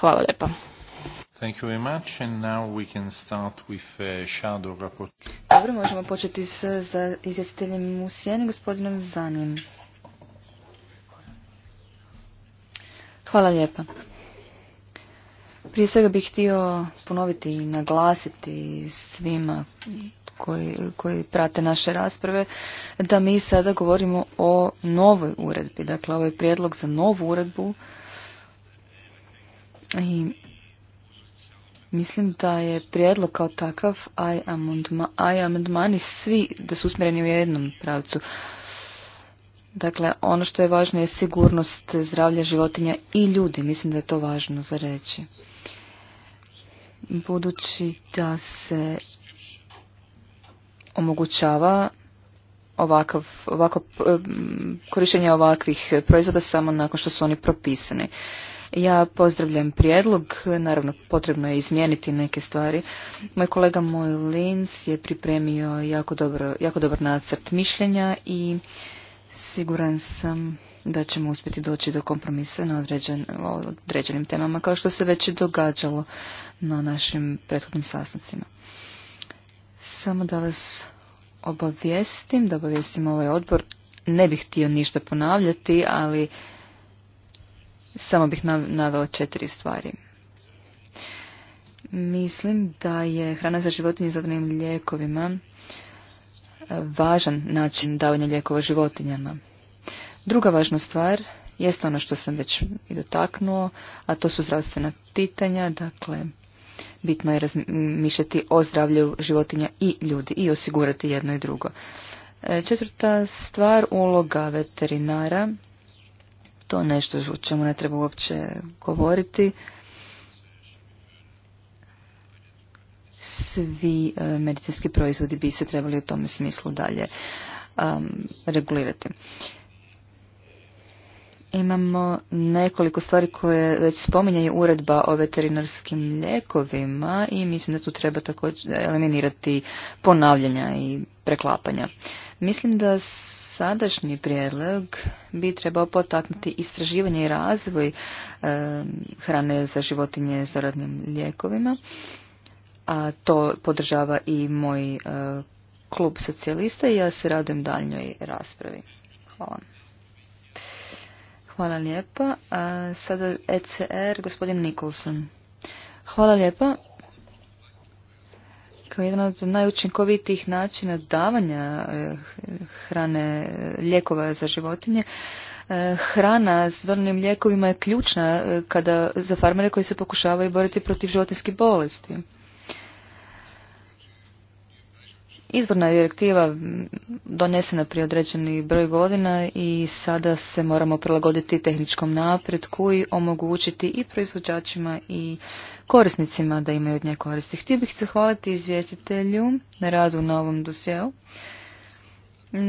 Hvala lijepa. Thank you very much and now we can start with uh, shadow report. Dobro, možemo početi s izvjestiteljem u sjeni, gospodinom Zanim. Hvala lijepa. Prije svega bih htio ponoviti i naglasiti svima koji, prate naše rasprave da mi sada govorimo o novoj uredbi. Dakle, ovaj prijedlog za novu uredbu i Mislim da je prijedlog kao takav, a i amandmani svi da su usmjereni u jednom pravcu. Dakle, ono što je važno je sigurnost zdravlja životinja i ljudi. Mislim da je to važno za reći. Budući da se omogućava ovakav, ovako, korištenje ovakvih proizvoda samo nakon što su oni propisani. Ja pozdravljam prijedlog, naravno potrebno je izmijeniti neke stvari. Moj kolega Moj Linz je pripremio jako, dobro, jako dobar nacrt mišljenja i siguran sam da ćemo uspjeti doći do kompromisa na određenim temama kao što se već događalo na našim prethodnim sastancima. Samo da vas obavijestim, da obavijestim ovaj odbor. Ne bih htio ništa ponavljati, ali samo bih naveo četiri stvari. Mislim da je hrana za životinje odnim lijekovima e, važan način davanja lijekova životinjama. Druga važna stvar jeste ono što sam već i dotaknuo, a to su zdravstvena pitanja, dakle bitno je razmišljati o zdravlju životinja i ljudi i osigurati jedno i drugo. E, četvrta stvar, uloga veterinara to nešto o čemu ne treba uopće govoriti. Svi e, medicinski proizvodi bi se trebali u tome smislu dalje regulirati. Imamo nekoliko stvari koje već spominje uredba o veterinarskim lijekovima i mislim da tu treba također eliminirati ponavljanja i preklapanja. Mislim da Sadašnji prijedlog bi trebao potaknuti istraživanje i razvoj e, hrane za životinje za radnim lijekovima, a to podržava i moj e, klub socijalista i ja se radujem daljnjoj raspravi. Hvala. Hvala lijepa. sada ECR, gospodin Nikolson. Hvala lijepa kao dakle, jedan od najučinkovitijih načina davanja eh, hrane eh, lijekova za životinje. Eh, hrana s donanim lijekovima je ključna kada, za farmere koji se pokušavaju boriti protiv životinskih bolesti. Izborna direktiva donesena prije određeni broj godina i sada se moramo prilagoditi tehničkom napretku i omogućiti i proizvođačima i korisnicima da imaju od nje koristi. Htio bih zahvaliti izvjestitelju na radu na ovom dosjeu.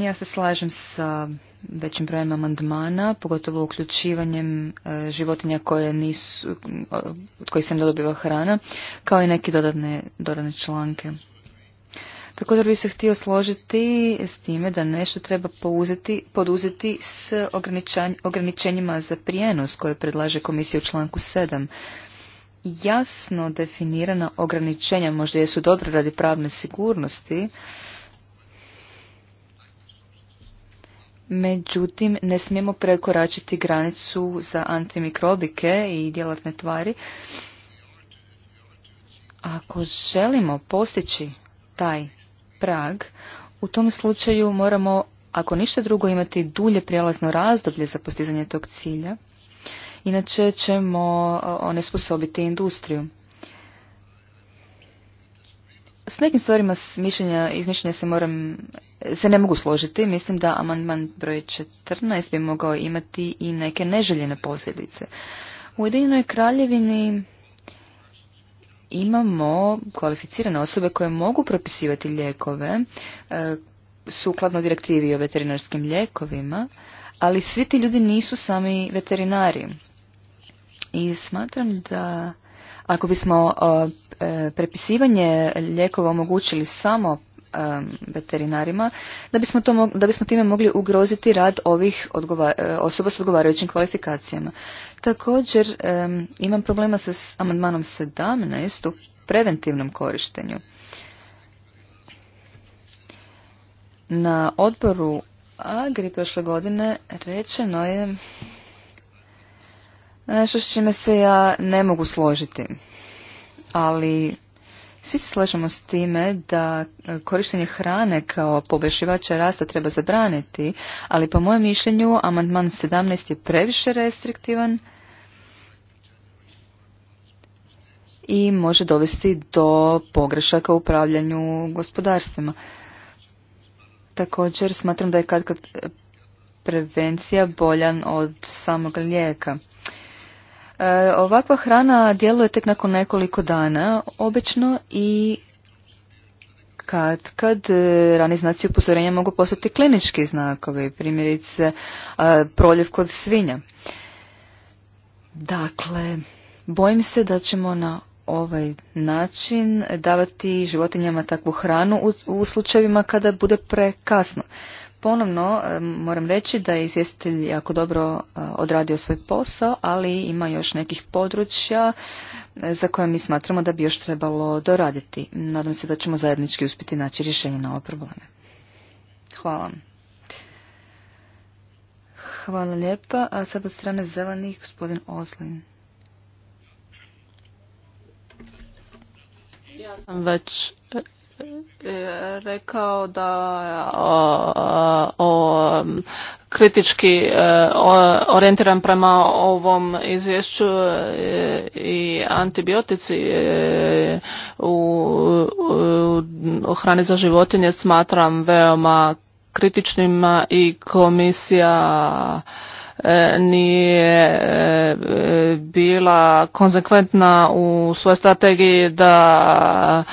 Ja se slažem sa većim brojem amandmana, pogotovo uključivanjem e, životinja koje nisu, od kojih se ne dobiva hrana, kao i neke dodatne, dodatne članke. Također bi se htio složiti s time da nešto treba pouzeti, poduzeti s ograničenjima za prijenos koje predlaže komisija u članku 7. Jasno definirana ograničenja možda jesu dobro radi pravne sigurnosti, međutim ne smijemo prekoračiti granicu za antimikrobike i djelatne tvari. Ako želimo postići taj prag, u tom slučaju moramo, ako ništa drugo, imati dulje prijelazno razdoblje za postizanje tog cilja, inače ćemo e, onesposobiti industriju. S nekim stvarima mišljenja, iz se moram, se ne mogu složiti. Mislim da amandman broj 14 bi mogao imati i neke neželjene posljedice. U Ujedinjenoj kraljevini imamo kvalificirane osobe koje mogu propisivati lijekove e, sukladno direktivi o veterinarskim lijekovima, ali svi ti ljudi nisu sami veterinari. I smatram da ako bismo e, prepisivanje lijekova omogućili samo veterinarima, da bismo, to, da bismo time mogli ugroziti rad ovih e, osoba s odgovarajućim kvalifikacijama. Također imam problema sa amandmanom 17 u preventivnom korištenju. Na odboru Agri prošle godine rečeno je nešto s čime se ja ne mogu složiti, ali svi se slažemo s time da e, korištenje hrane kao poboljšivača rasta treba zabraniti, ali po mojem mišljenju amandman 17 je previše restriktivan i može dovesti do pogrešaka u upravljanju gospodarstvima. Također smatram da je kad, kad prevencija boljan od samog lijeka. E, ovakva hrana djeluje tek nakon nekoliko dana obično i kad, kad e, rani znaci upozorenja mogu postati klinički znakovi, primjerice e, proljev kod svinja. Dakle, bojim se da ćemo na ovaj način davati životinjama takvu hranu u, u slučajevima kada bude prekasno. Ponovno moram reći da je izvjestitelj jako dobro e, odradio svoj posao, ali ima još nekih područja e, za koje mi smatramo da bi još trebalo doraditi. Nadam se da ćemo zajednički uspjeti naći rješenje na ove probleme. Hvala. Hvala lijepa. A sad od strane zelenih gospodin Oslin. Ja sam već rekao da o, kritički e, orijentiram orijentiran prema ovom izvješću e, i antibiotici e, u, hrani za životinje smatram veoma kritičnim i komisija nije bila konsekventna u svojoj strategiji da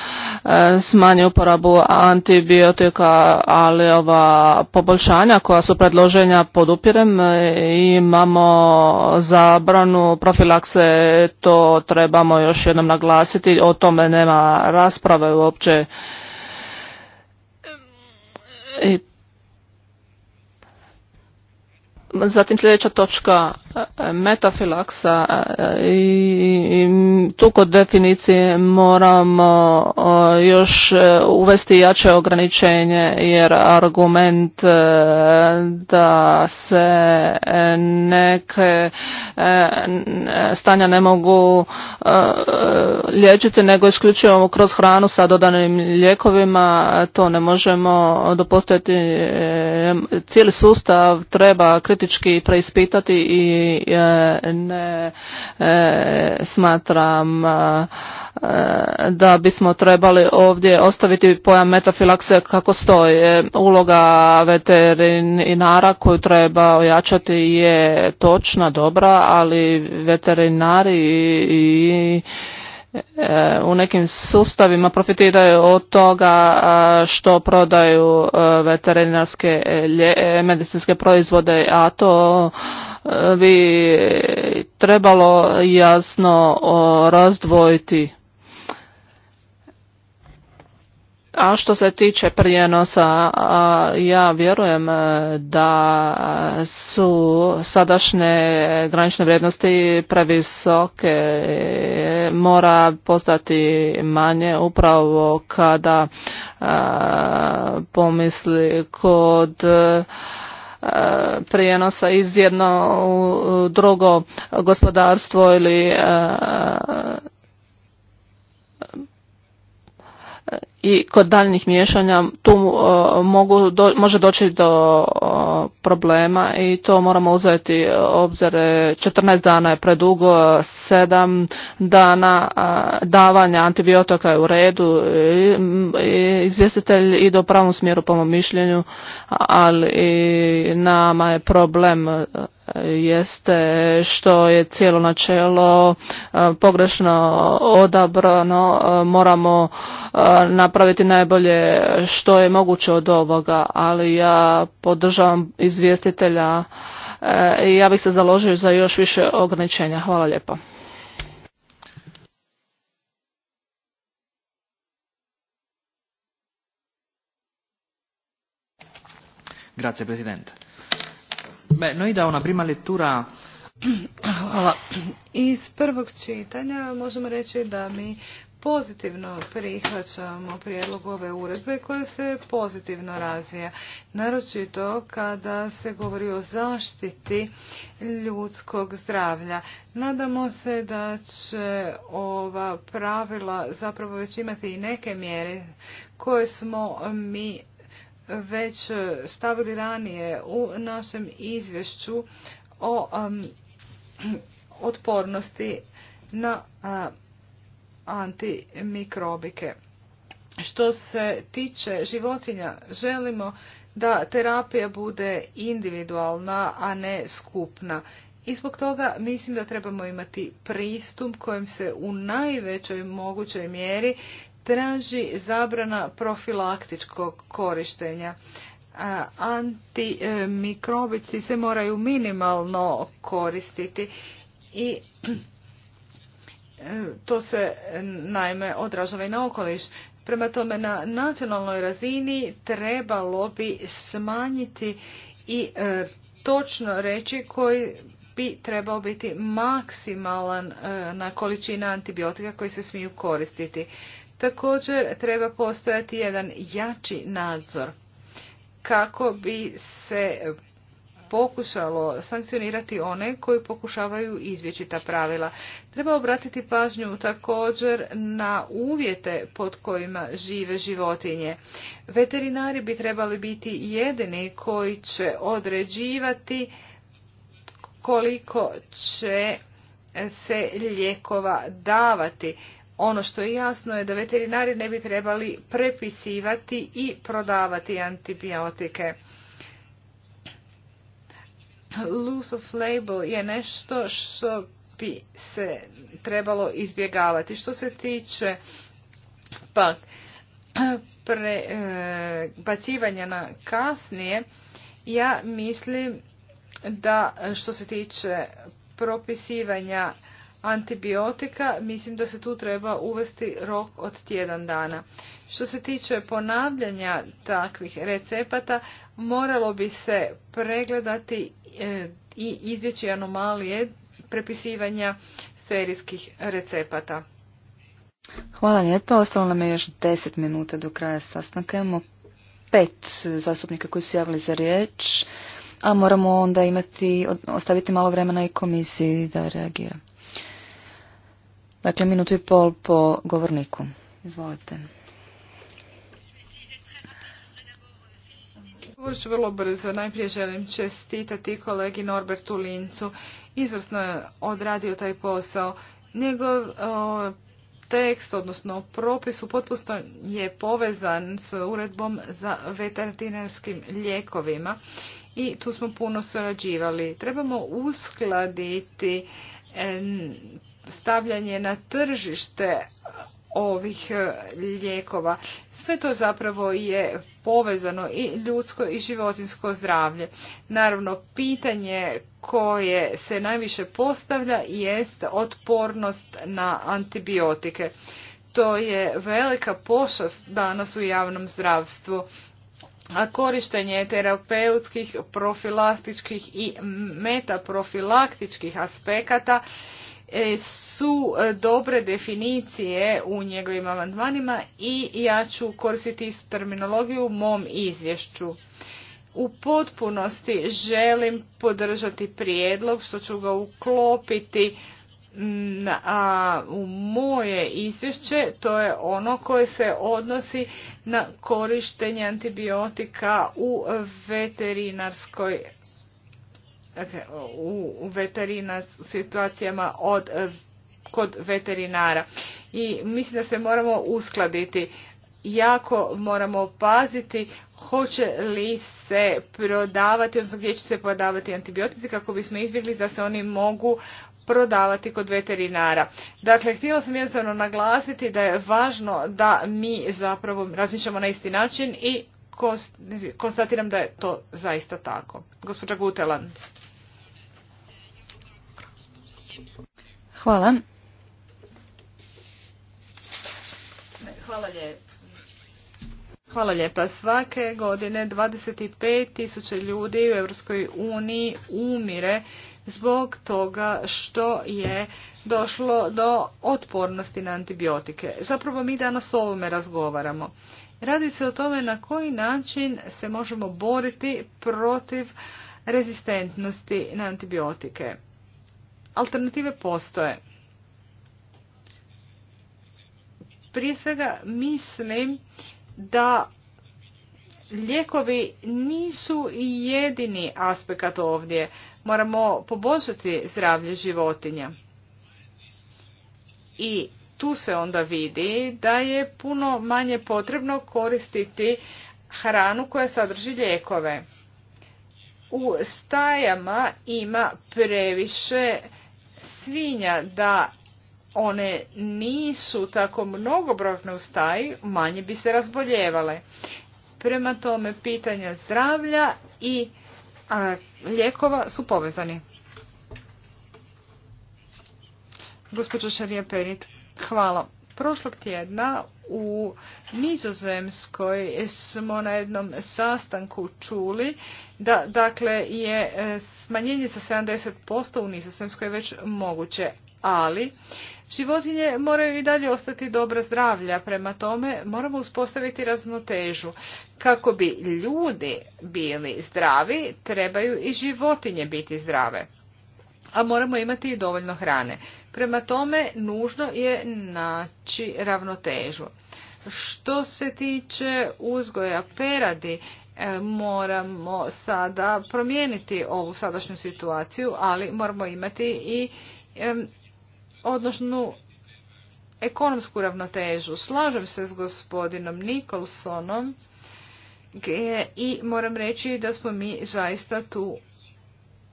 E, smanji uporabu antibiotika, ali ova poboljšanja koja su predloženja podupirem e, imamo zabranu profilakse, to trebamo još jednom naglasiti, o tome nema rasprave uopće i Zatim sljedeća točka e, e, metafilaksa e, i tu kod definicije moramo još uvesti jače ograničenje jer argument da se neke stanja ne mogu liječiti nego isključivo kroz hranu sa dodanim lijekovima to ne možemo dopustiti cijeli sustav treba kritično kritički preispitati i e, ne e, smatram e, da bismo trebali ovdje ostaviti pojam metafilakse kako stoje. Uloga veterinara koju treba ojačati je točna, dobra, ali veterinari i u nekim sustavima profitiraju od toga što prodaju veterinarske e, e, medicinske proizvode, a to e, bi trebalo jasno razdvojiti. A što se tiče prijenosa, ja vjerujem e, da su sadašnje granične vrijednosti previsoke, e, mora postati manje upravo kada e, pomisli kod prijenosa iz jedno u drugo gospodarstvo ili i kod daljnjih miješanja tu e, mogu, može doći do e, problema i to moramo uzeti obzir 14 dana je predugo, 7 dana e, davanja antibiotika je u redu, izvjestitelj ide u pravom smjeru po mom mišljenju, ali i nama je problem jeste što je cijelo načelo pogrešno odabrano, moramo napraviti napraviti najbolje što je moguće od ovoga, ali ja podržavam izvjestitelja e, i ja bih se založio za još više ograničenja. Hvala lijepo. Grazie Presidente. Beh, noi da una prima lettura... Hvala. Iz prvog čitanja možemo reći da mi pozitivno prihvaćamo prijedlog ove uredbe koja se pozitivno razvija, naročito kada se govori o zaštiti ljudskog zdravlja. Nadamo se da će ova pravila zapravo već imati i neke mjere koje smo mi već stavili ranije u našem izvješću o um, otpornosti na antimikrobike. Što se tiče životinja, želimo da terapija bude individualna, a ne skupna. I zbog toga mislim da trebamo imati pristup kojem se u najvećoj mogućoj mjeri traži zabrana profilaktičkog korištenja. Antimikrobici se moraju minimalno koristiti i to se naime odražava i na okoliš. Prema tome na nacionalnoj razini trebalo bi smanjiti i e, točno reći koji bi trebao biti maksimalan e, na količina antibiotika koji se smiju koristiti. Također treba postojati jedan jači nadzor kako bi se pokušalo sankcionirati one koji pokušavaju izvjeći ta pravila. Treba obratiti pažnju također na uvjete pod kojima žive životinje. Veterinari bi trebali biti jedini koji će određivati koliko će se lijekova davati. Ono što je jasno je da veterinari ne bi trebali prepisivati i prodavati antibiotike loose of label je nešto što bi se trebalo izbjegavati. Što se tiče pak prebacivanja e, na kasnije, ja mislim da što se tiče propisivanja antibiotika, mislim da se tu treba uvesti rok od tjedan dana. Što se tiče ponavljanja takvih recepata, moralo bi se pregledati e, i izbjeći anomalije prepisivanja serijskih recepata. Hvala lijepa. Ostalo nam je još 10 minuta do kraja sastanka. Imamo pet zastupnika koji su javili za riječ, a moramo onda imati, ostaviti malo vremena i komisiji da reagira. Dakle, minutu i pol po govorniku. Izvolite. vrlo brzo. Najprije želim čestitati kolegi Norbertu Lincu. Izvrsno je odradio taj posao. Njegov tekst, odnosno propis u potpuno je povezan s uredbom za veterinarskim ljekovima. i tu smo puno surađivali. Trebamo uskladiti e, stavljanje na tržište ovih e, ljekova. Sve to zapravo je povezano i ljudsko i životinsko zdravlje. Naravno, pitanje koje se najviše postavlja jest otpornost na antibiotike. To je velika pošast danas u javnom zdravstvu. A korištenje terapeutskih, profilaktičkih i metaprofilaktičkih aspekata E, su e, dobre definicije u njegovim amandmanima i ja ću koristiti istu terminologiju u mom izvješću. U potpunosti želim podržati prijedlog što ću ga uklopiti a u moje izvješće to je ono koje se odnosi na korištenje antibiotika u veterinarskoj dakle, u veterina situacijama od, kod veterinara. I mislim da se moramo uskladiti. Jako moramo paziti hoće li se prodavati, odnosno gdje će se prodavati antibiotici kako bismo izbjegli da se oni mogu prodavati kod veterinara. Dakle, htjela sam jednostavno naglasiti da je važno da mi zapravo razmišljamo na isti način i konstatiram da je to zaista tako. Gospođa Gutelan. Hvala. Hvala Hvala lijepa. Svake godine 25 tisuća ljudi u Europskoj uniji umire zbog toga što je došlo do otpornosti na antibiotike. Zapravo mi danas o ovome razgovaramo. Radi se o tome na koji način se možemo boriti protiv rezistentnosti na antibiotike. Alternative postoje. Prije svega mislim da lijekovi nisu jedini aspekt ovdje. Moramo poboljšati zdravlje životinja. I tu se onda vidi da je puno manje potrebno koristiti hranu koja sadrži lijekove. U stajama ima previše svinja da one nisu tako mnogobrojne u staji, manje bi se razboljevale. Prema tome, pitanja zdravlja i a, lijekova su povezani. Gospođo Šarija Perit, hvala. Prošlog tjedna u Nizozemskoj smo na jednom sastanku čuli da dakle je e, smanjenje sa 70% u Nizozemskoj već moguće, ali životinje moraju i dalje ostati dobra zdravlja, prema tome moramo uspostaviti raznotežu. Kako bi ljudi bili zdravi, trebaju i životinje biti zdrave a moramo imati i dovoljno hrane. Prema tome, nužno je naći ravnotežu. Što se tiče uzgoja peradi, e, moramo sada promijeniti ovu sadašnju situaciju, ali moramo imati i e, odnosnu ekonomsku ravnotežu. Slažem se s gospodinom Nikolsonom e, i moram reći da smo mi zaista tu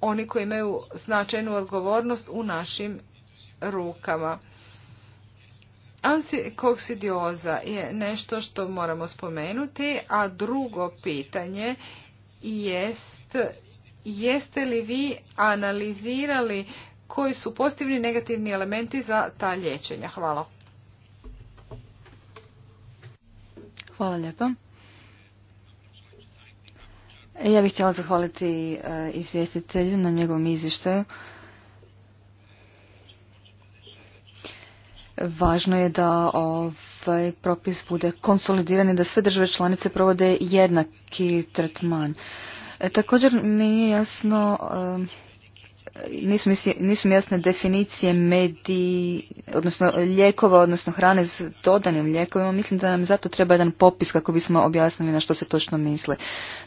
oni koji imaju značajnu odgovornost u našim rukama. Koksidioza je nešto što moramo spomenuti, a drugo pitanje jest jeste li vi analizirali koji su pozitivni negativni elementi za ta liječenja. Hvala. Hvala lijepa. Ja bih htjela zahvaliti e, izvjestitelju na njegovom izvještaju. Važno je da ovaj propis bude konsolidiran i da sve države članice provode jednaki tretman. E, također mi je jasno e, nisu mi jasne definicije medij, odnosno lijekova, odnosno hrane s dodanim lijekovima, mislim da nam zato treba jedan popis kako bismo objasnili na što se točno misle.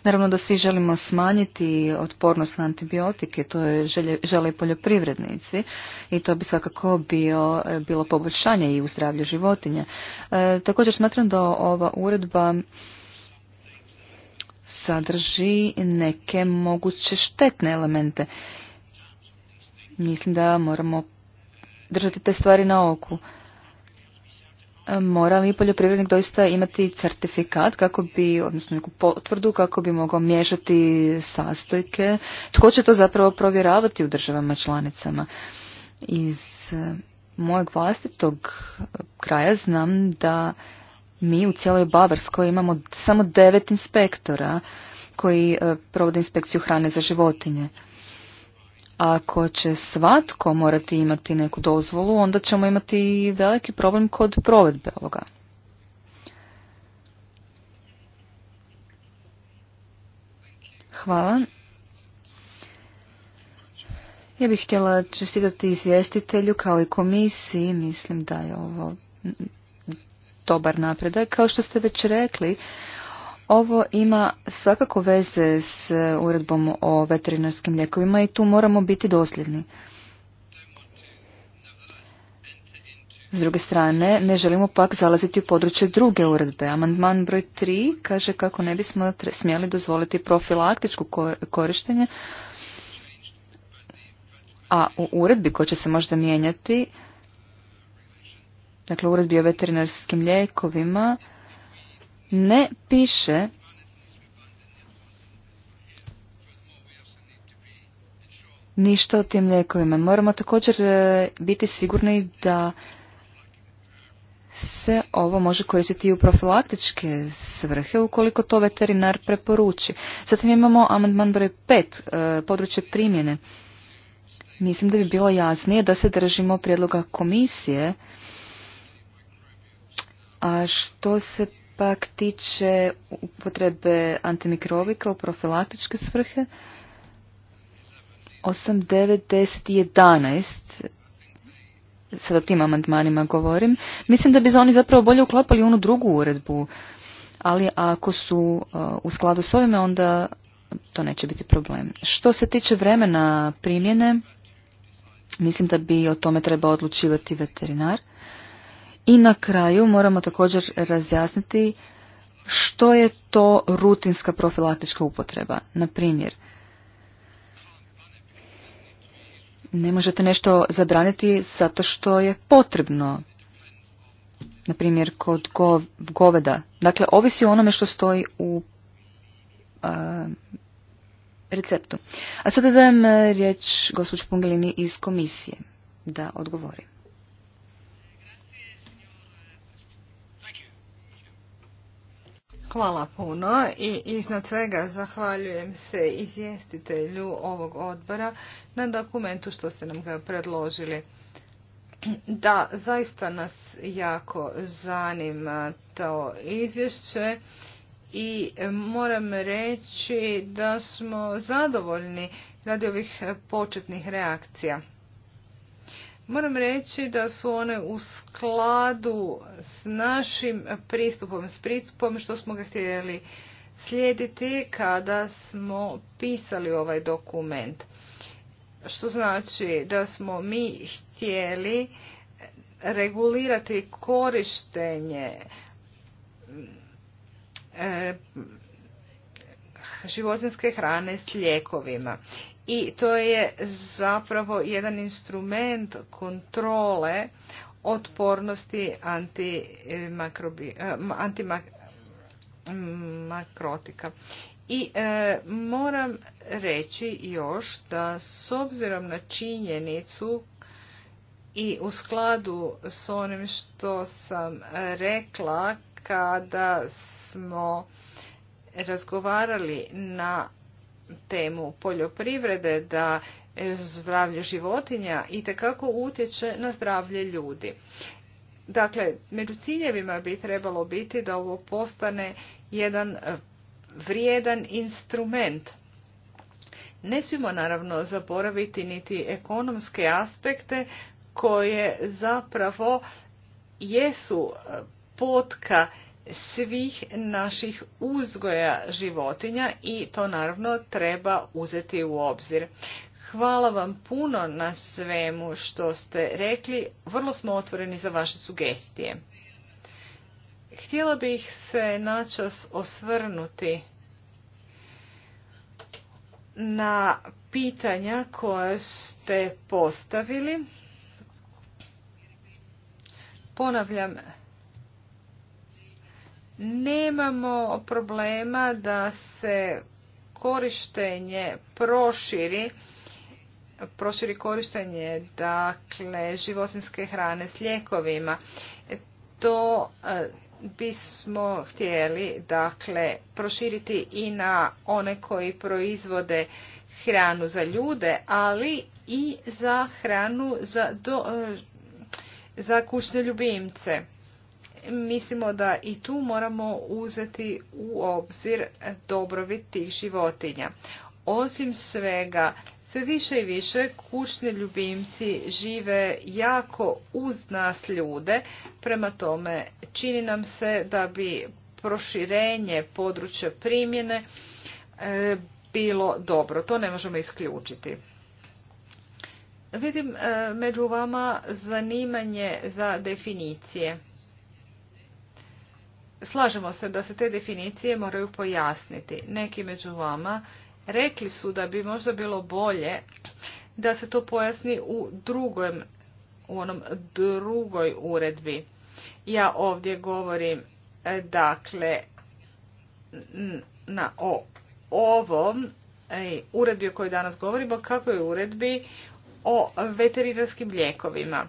Naravno da svi želimo smanjiti otpornost na antibiotike, to je želje, žele i poljoprivrednici i to bi svakako bio, bilo poboljšanje i u zdravlju životinja. E, također smatram da ova uredba sadrži neke moguće štetne elemente. Mislim da moramo držati te stvari na oku. Mora li poljoprivrednik doista imati certifikat kako bi, odnosno neku potvrdu kako bi mogao miješati sastojke? Tko će to zapravo provjeravati u državama članicama? Iz e, mojeg vlastitog kraja znam da mi u cijeloj Bavarskoj imamo samo devet inspektora koji e, provode inspekciju hrane za životinje. Ako će svatko morati imati neku dozvolu, onda ćemo imati veliki problem kod provedbe ovoga. Hvala. Ja bih htjela čestitati izvjestitelju kao i komisiji. Mislim da je ovo dobar napredak. Kao što ste već rekli, ovo ima svakako veze s e, uredbom o veterinarskim ljekovima i tu moramo biti dosljedni. S druge strane, ne želimo pak zalaziti u područje druge uredbe. Amandman broj 3 kaže kako ne bismo smjeli dozvoliti profilaktičko korištenje, a u uredbi koja će se možda mijenjati, dakle uredbi o veterinarskim ljekovima ne piše ništa o tim lijekovima. Moramo također e, biti sigurni da se ovo može koristiti i u profilaktičke svrhe ukoliko to veterinar preporuči. Zatim imamo amandman broj 5, e, područje primjene. Mislim da bi bilo jasnije da se držimo prijedloga komisije, a što se pak tiče upotrebe antimikrovika u profilaktičke svrhe, 8, 9, 10 i 11, sad o tim amandmanima govorim, mislim da bi se oni zapravo bolje uklopili onu drugu uredbu, ali ako su e, u skladu s ovime, onda to neće biti problem. Što se tiče vremena primjene, mislim da bi o tome treba odlučivati veterinar. I na kraju moramo također razjasniti što je to rutinska profilaktička upotreba. Na primjer, ne možete nešto zabraniti zato što je potrebno. Na primjer, kod goveda. Dakle, ovisi o onome što stoji u receptu. A sada dajem e, riječ gospođu Pungelini iz komisije da odgovori. Hvala puno i iznad svega zahvaljujem se izvjestitelju ovog odbora na dokumentu što ste nam ga predložili. Da, zaista nas jako zanima to izvješće i moram reći da smo zadovoljni radi ovih početnih reakcija. Moram reći da su one u skladu s našim pristupom, s pristupom što smo ga htjeli slijediti kada smo pisali ovaj dokument. Što znači da smo mi htjeli regulirati korištenje e, životinske hrane s lijekovima. I to je zapravo jedan instrument kontrole otpornosti antimakrotika. Eh, I eh, moram reći još da s obzirom na činjenicu i u skladu s onim što sam rekla kada smo razgovarali na temu poljoprivrede da zdravlje životinja i kako utječe na zdravlje ljudi. Dakle, među ciljevima bi trebalo biti da ovo postane jedan vrijedan instrument. Ne smijemo naravno zaboraviti niti ekonomske aspekte koje zapravo jesu potka svih naših uzgoja životinja i to naravno treba uzeti u obzir. Hvala vam puno na svemu što ste rekli. Vrlo smo otvoreni za vaše sugestije. Htjela bih se načas osvrnuti na pitanja koje ste postavili. Ponavljam, nemamo problema da se korištenje proširi proširi korištenje dakle životinske hrane s lijekovima to e, bismo htjeli dakle proširiti i na one koji proizvode hranu za ljude ali i za hranu za, e, za kućne ljubimce mislimo da i tu moramo uzeti u obzir dobrobit tih životinja. Osim svega, sve više i više kućni ljubimci žive jako uz nas ljude, prema tome čini nam se da bi proširenje područja primjene e, bilo dobro. To ne možemo isključiti. Vidim e, među vama zanimanje za definicije slažemo se da se te definicije moraju pojasniti. Neki među vama rekli su da bi možda bilo bolje da se to pojasni u drugom, u onom drugoj uredbi. Ja ovdje govorim e, dakle na o ovom e, uredbi o kojoj danas govorimo, kako je uredbi o veterinarskim lijekovima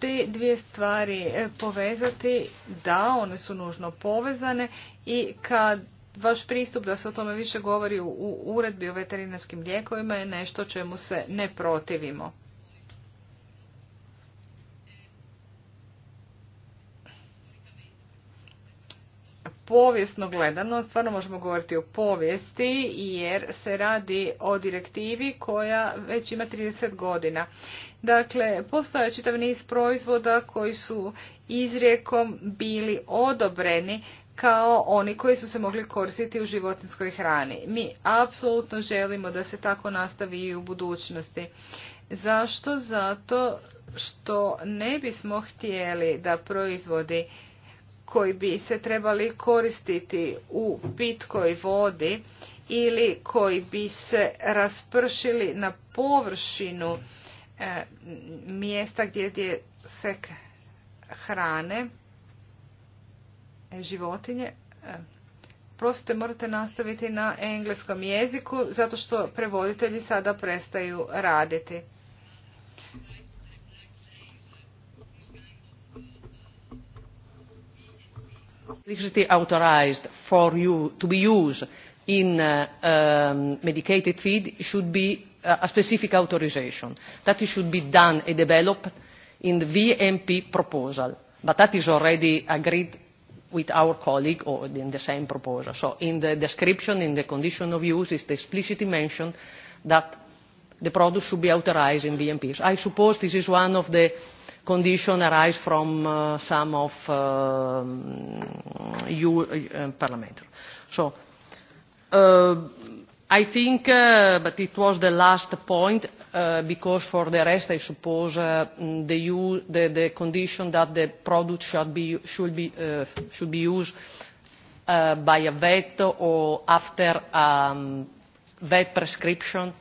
te dvije stvari e, povezati, da, one su nužno povezane i kad vaš pristup da se o tome više govori u uredbi o veterinarskim lijekovima je nešto čemu se ne protivimo. povijesno gledano, stvarno možemo govoriti o povijesti jer se radi o direktivi koja već ima 30 godina. Dakle, postoje čitav niz proizvoda koji su izrijekom bili odobreni kao oni koji su se mogli koristiti u životinskoj hrani. Mi apsolutno želimo da se tako nastavi i u budućnosti. Zašto? Zato što ne bismo htjeli da proizvodi koji bi se trebali koristiti u pitkoj vodi ili koji bi se raspršili na površinu e, mjesta gdje se hrane e, životinje. E, Prostite, morate nastaviti na engleskom jeziku zato što prevoditelji sada prestaju raditi. electricity authorized for you to be used in uh, um, medicated feed should be uh, a specific authorization. That should be done and developed in the VMP proposal, but that is already agreed with our colleague or in the same proposal. So in the description, in the condition of use, it's explicitly mentioned that the product should be authorized in VMPs. I suppose this is one of the condition arise from uh, some of uh, EU uh, parliamentary. So, uh, I think, uh, but it was the last point, uh, because for the rest, I suppose, uh, the, EU, the, the condition that the product should be, should be, uh, should be used uh, by a vet or after um, vet prescription,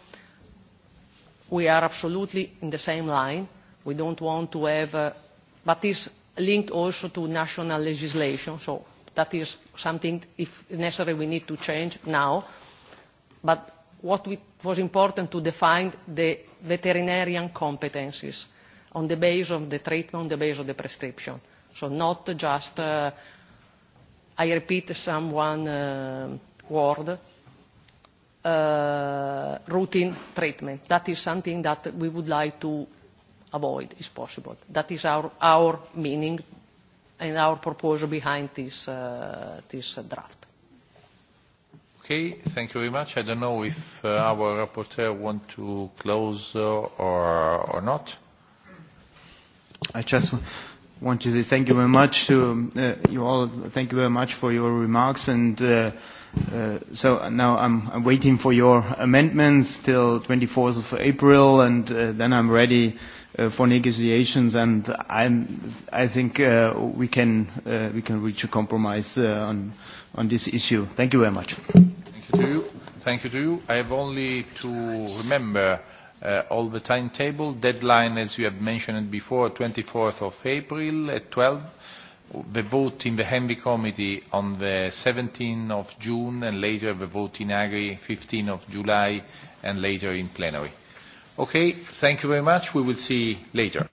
we are absolutely in the same line We don't want to have, but uh, is linked also to national legislation. So that is something, if necessary, we need to change now. But what we, was important to define the veterinarian competencies on the basis of the treatment, on the basis of the prescription. So not just, uh, I repeat some one uh, word, uh, routine treatment. That is something that we would like to avoid is possible. That is our, our meaning and our proposal behind this, uh, this draft. Okay, thank you very much. I don't know if uh, our rapporteur want to close uh, or, or not. I just want to say thank you very much to um, uh, you all. Thank you very much for your remarks. And uh, uh, so now I'm, I'm waiting for your amendments till 24th of April, and uh, then I'm ready uh, for negotiations, and I'm, I think uh, we can uh, we can reach a compromise uh, on on this issue. Thank you very much. Thank you to you. Thank you to you. I have only to remember uh, all the timetable deadline, as you have mentioned before, 24th of April at 12 the vote in the Henry Committee on the 17th of June and later the vote in Agri 15th of July and later in plenary. Okay, thank you very much. We will see later.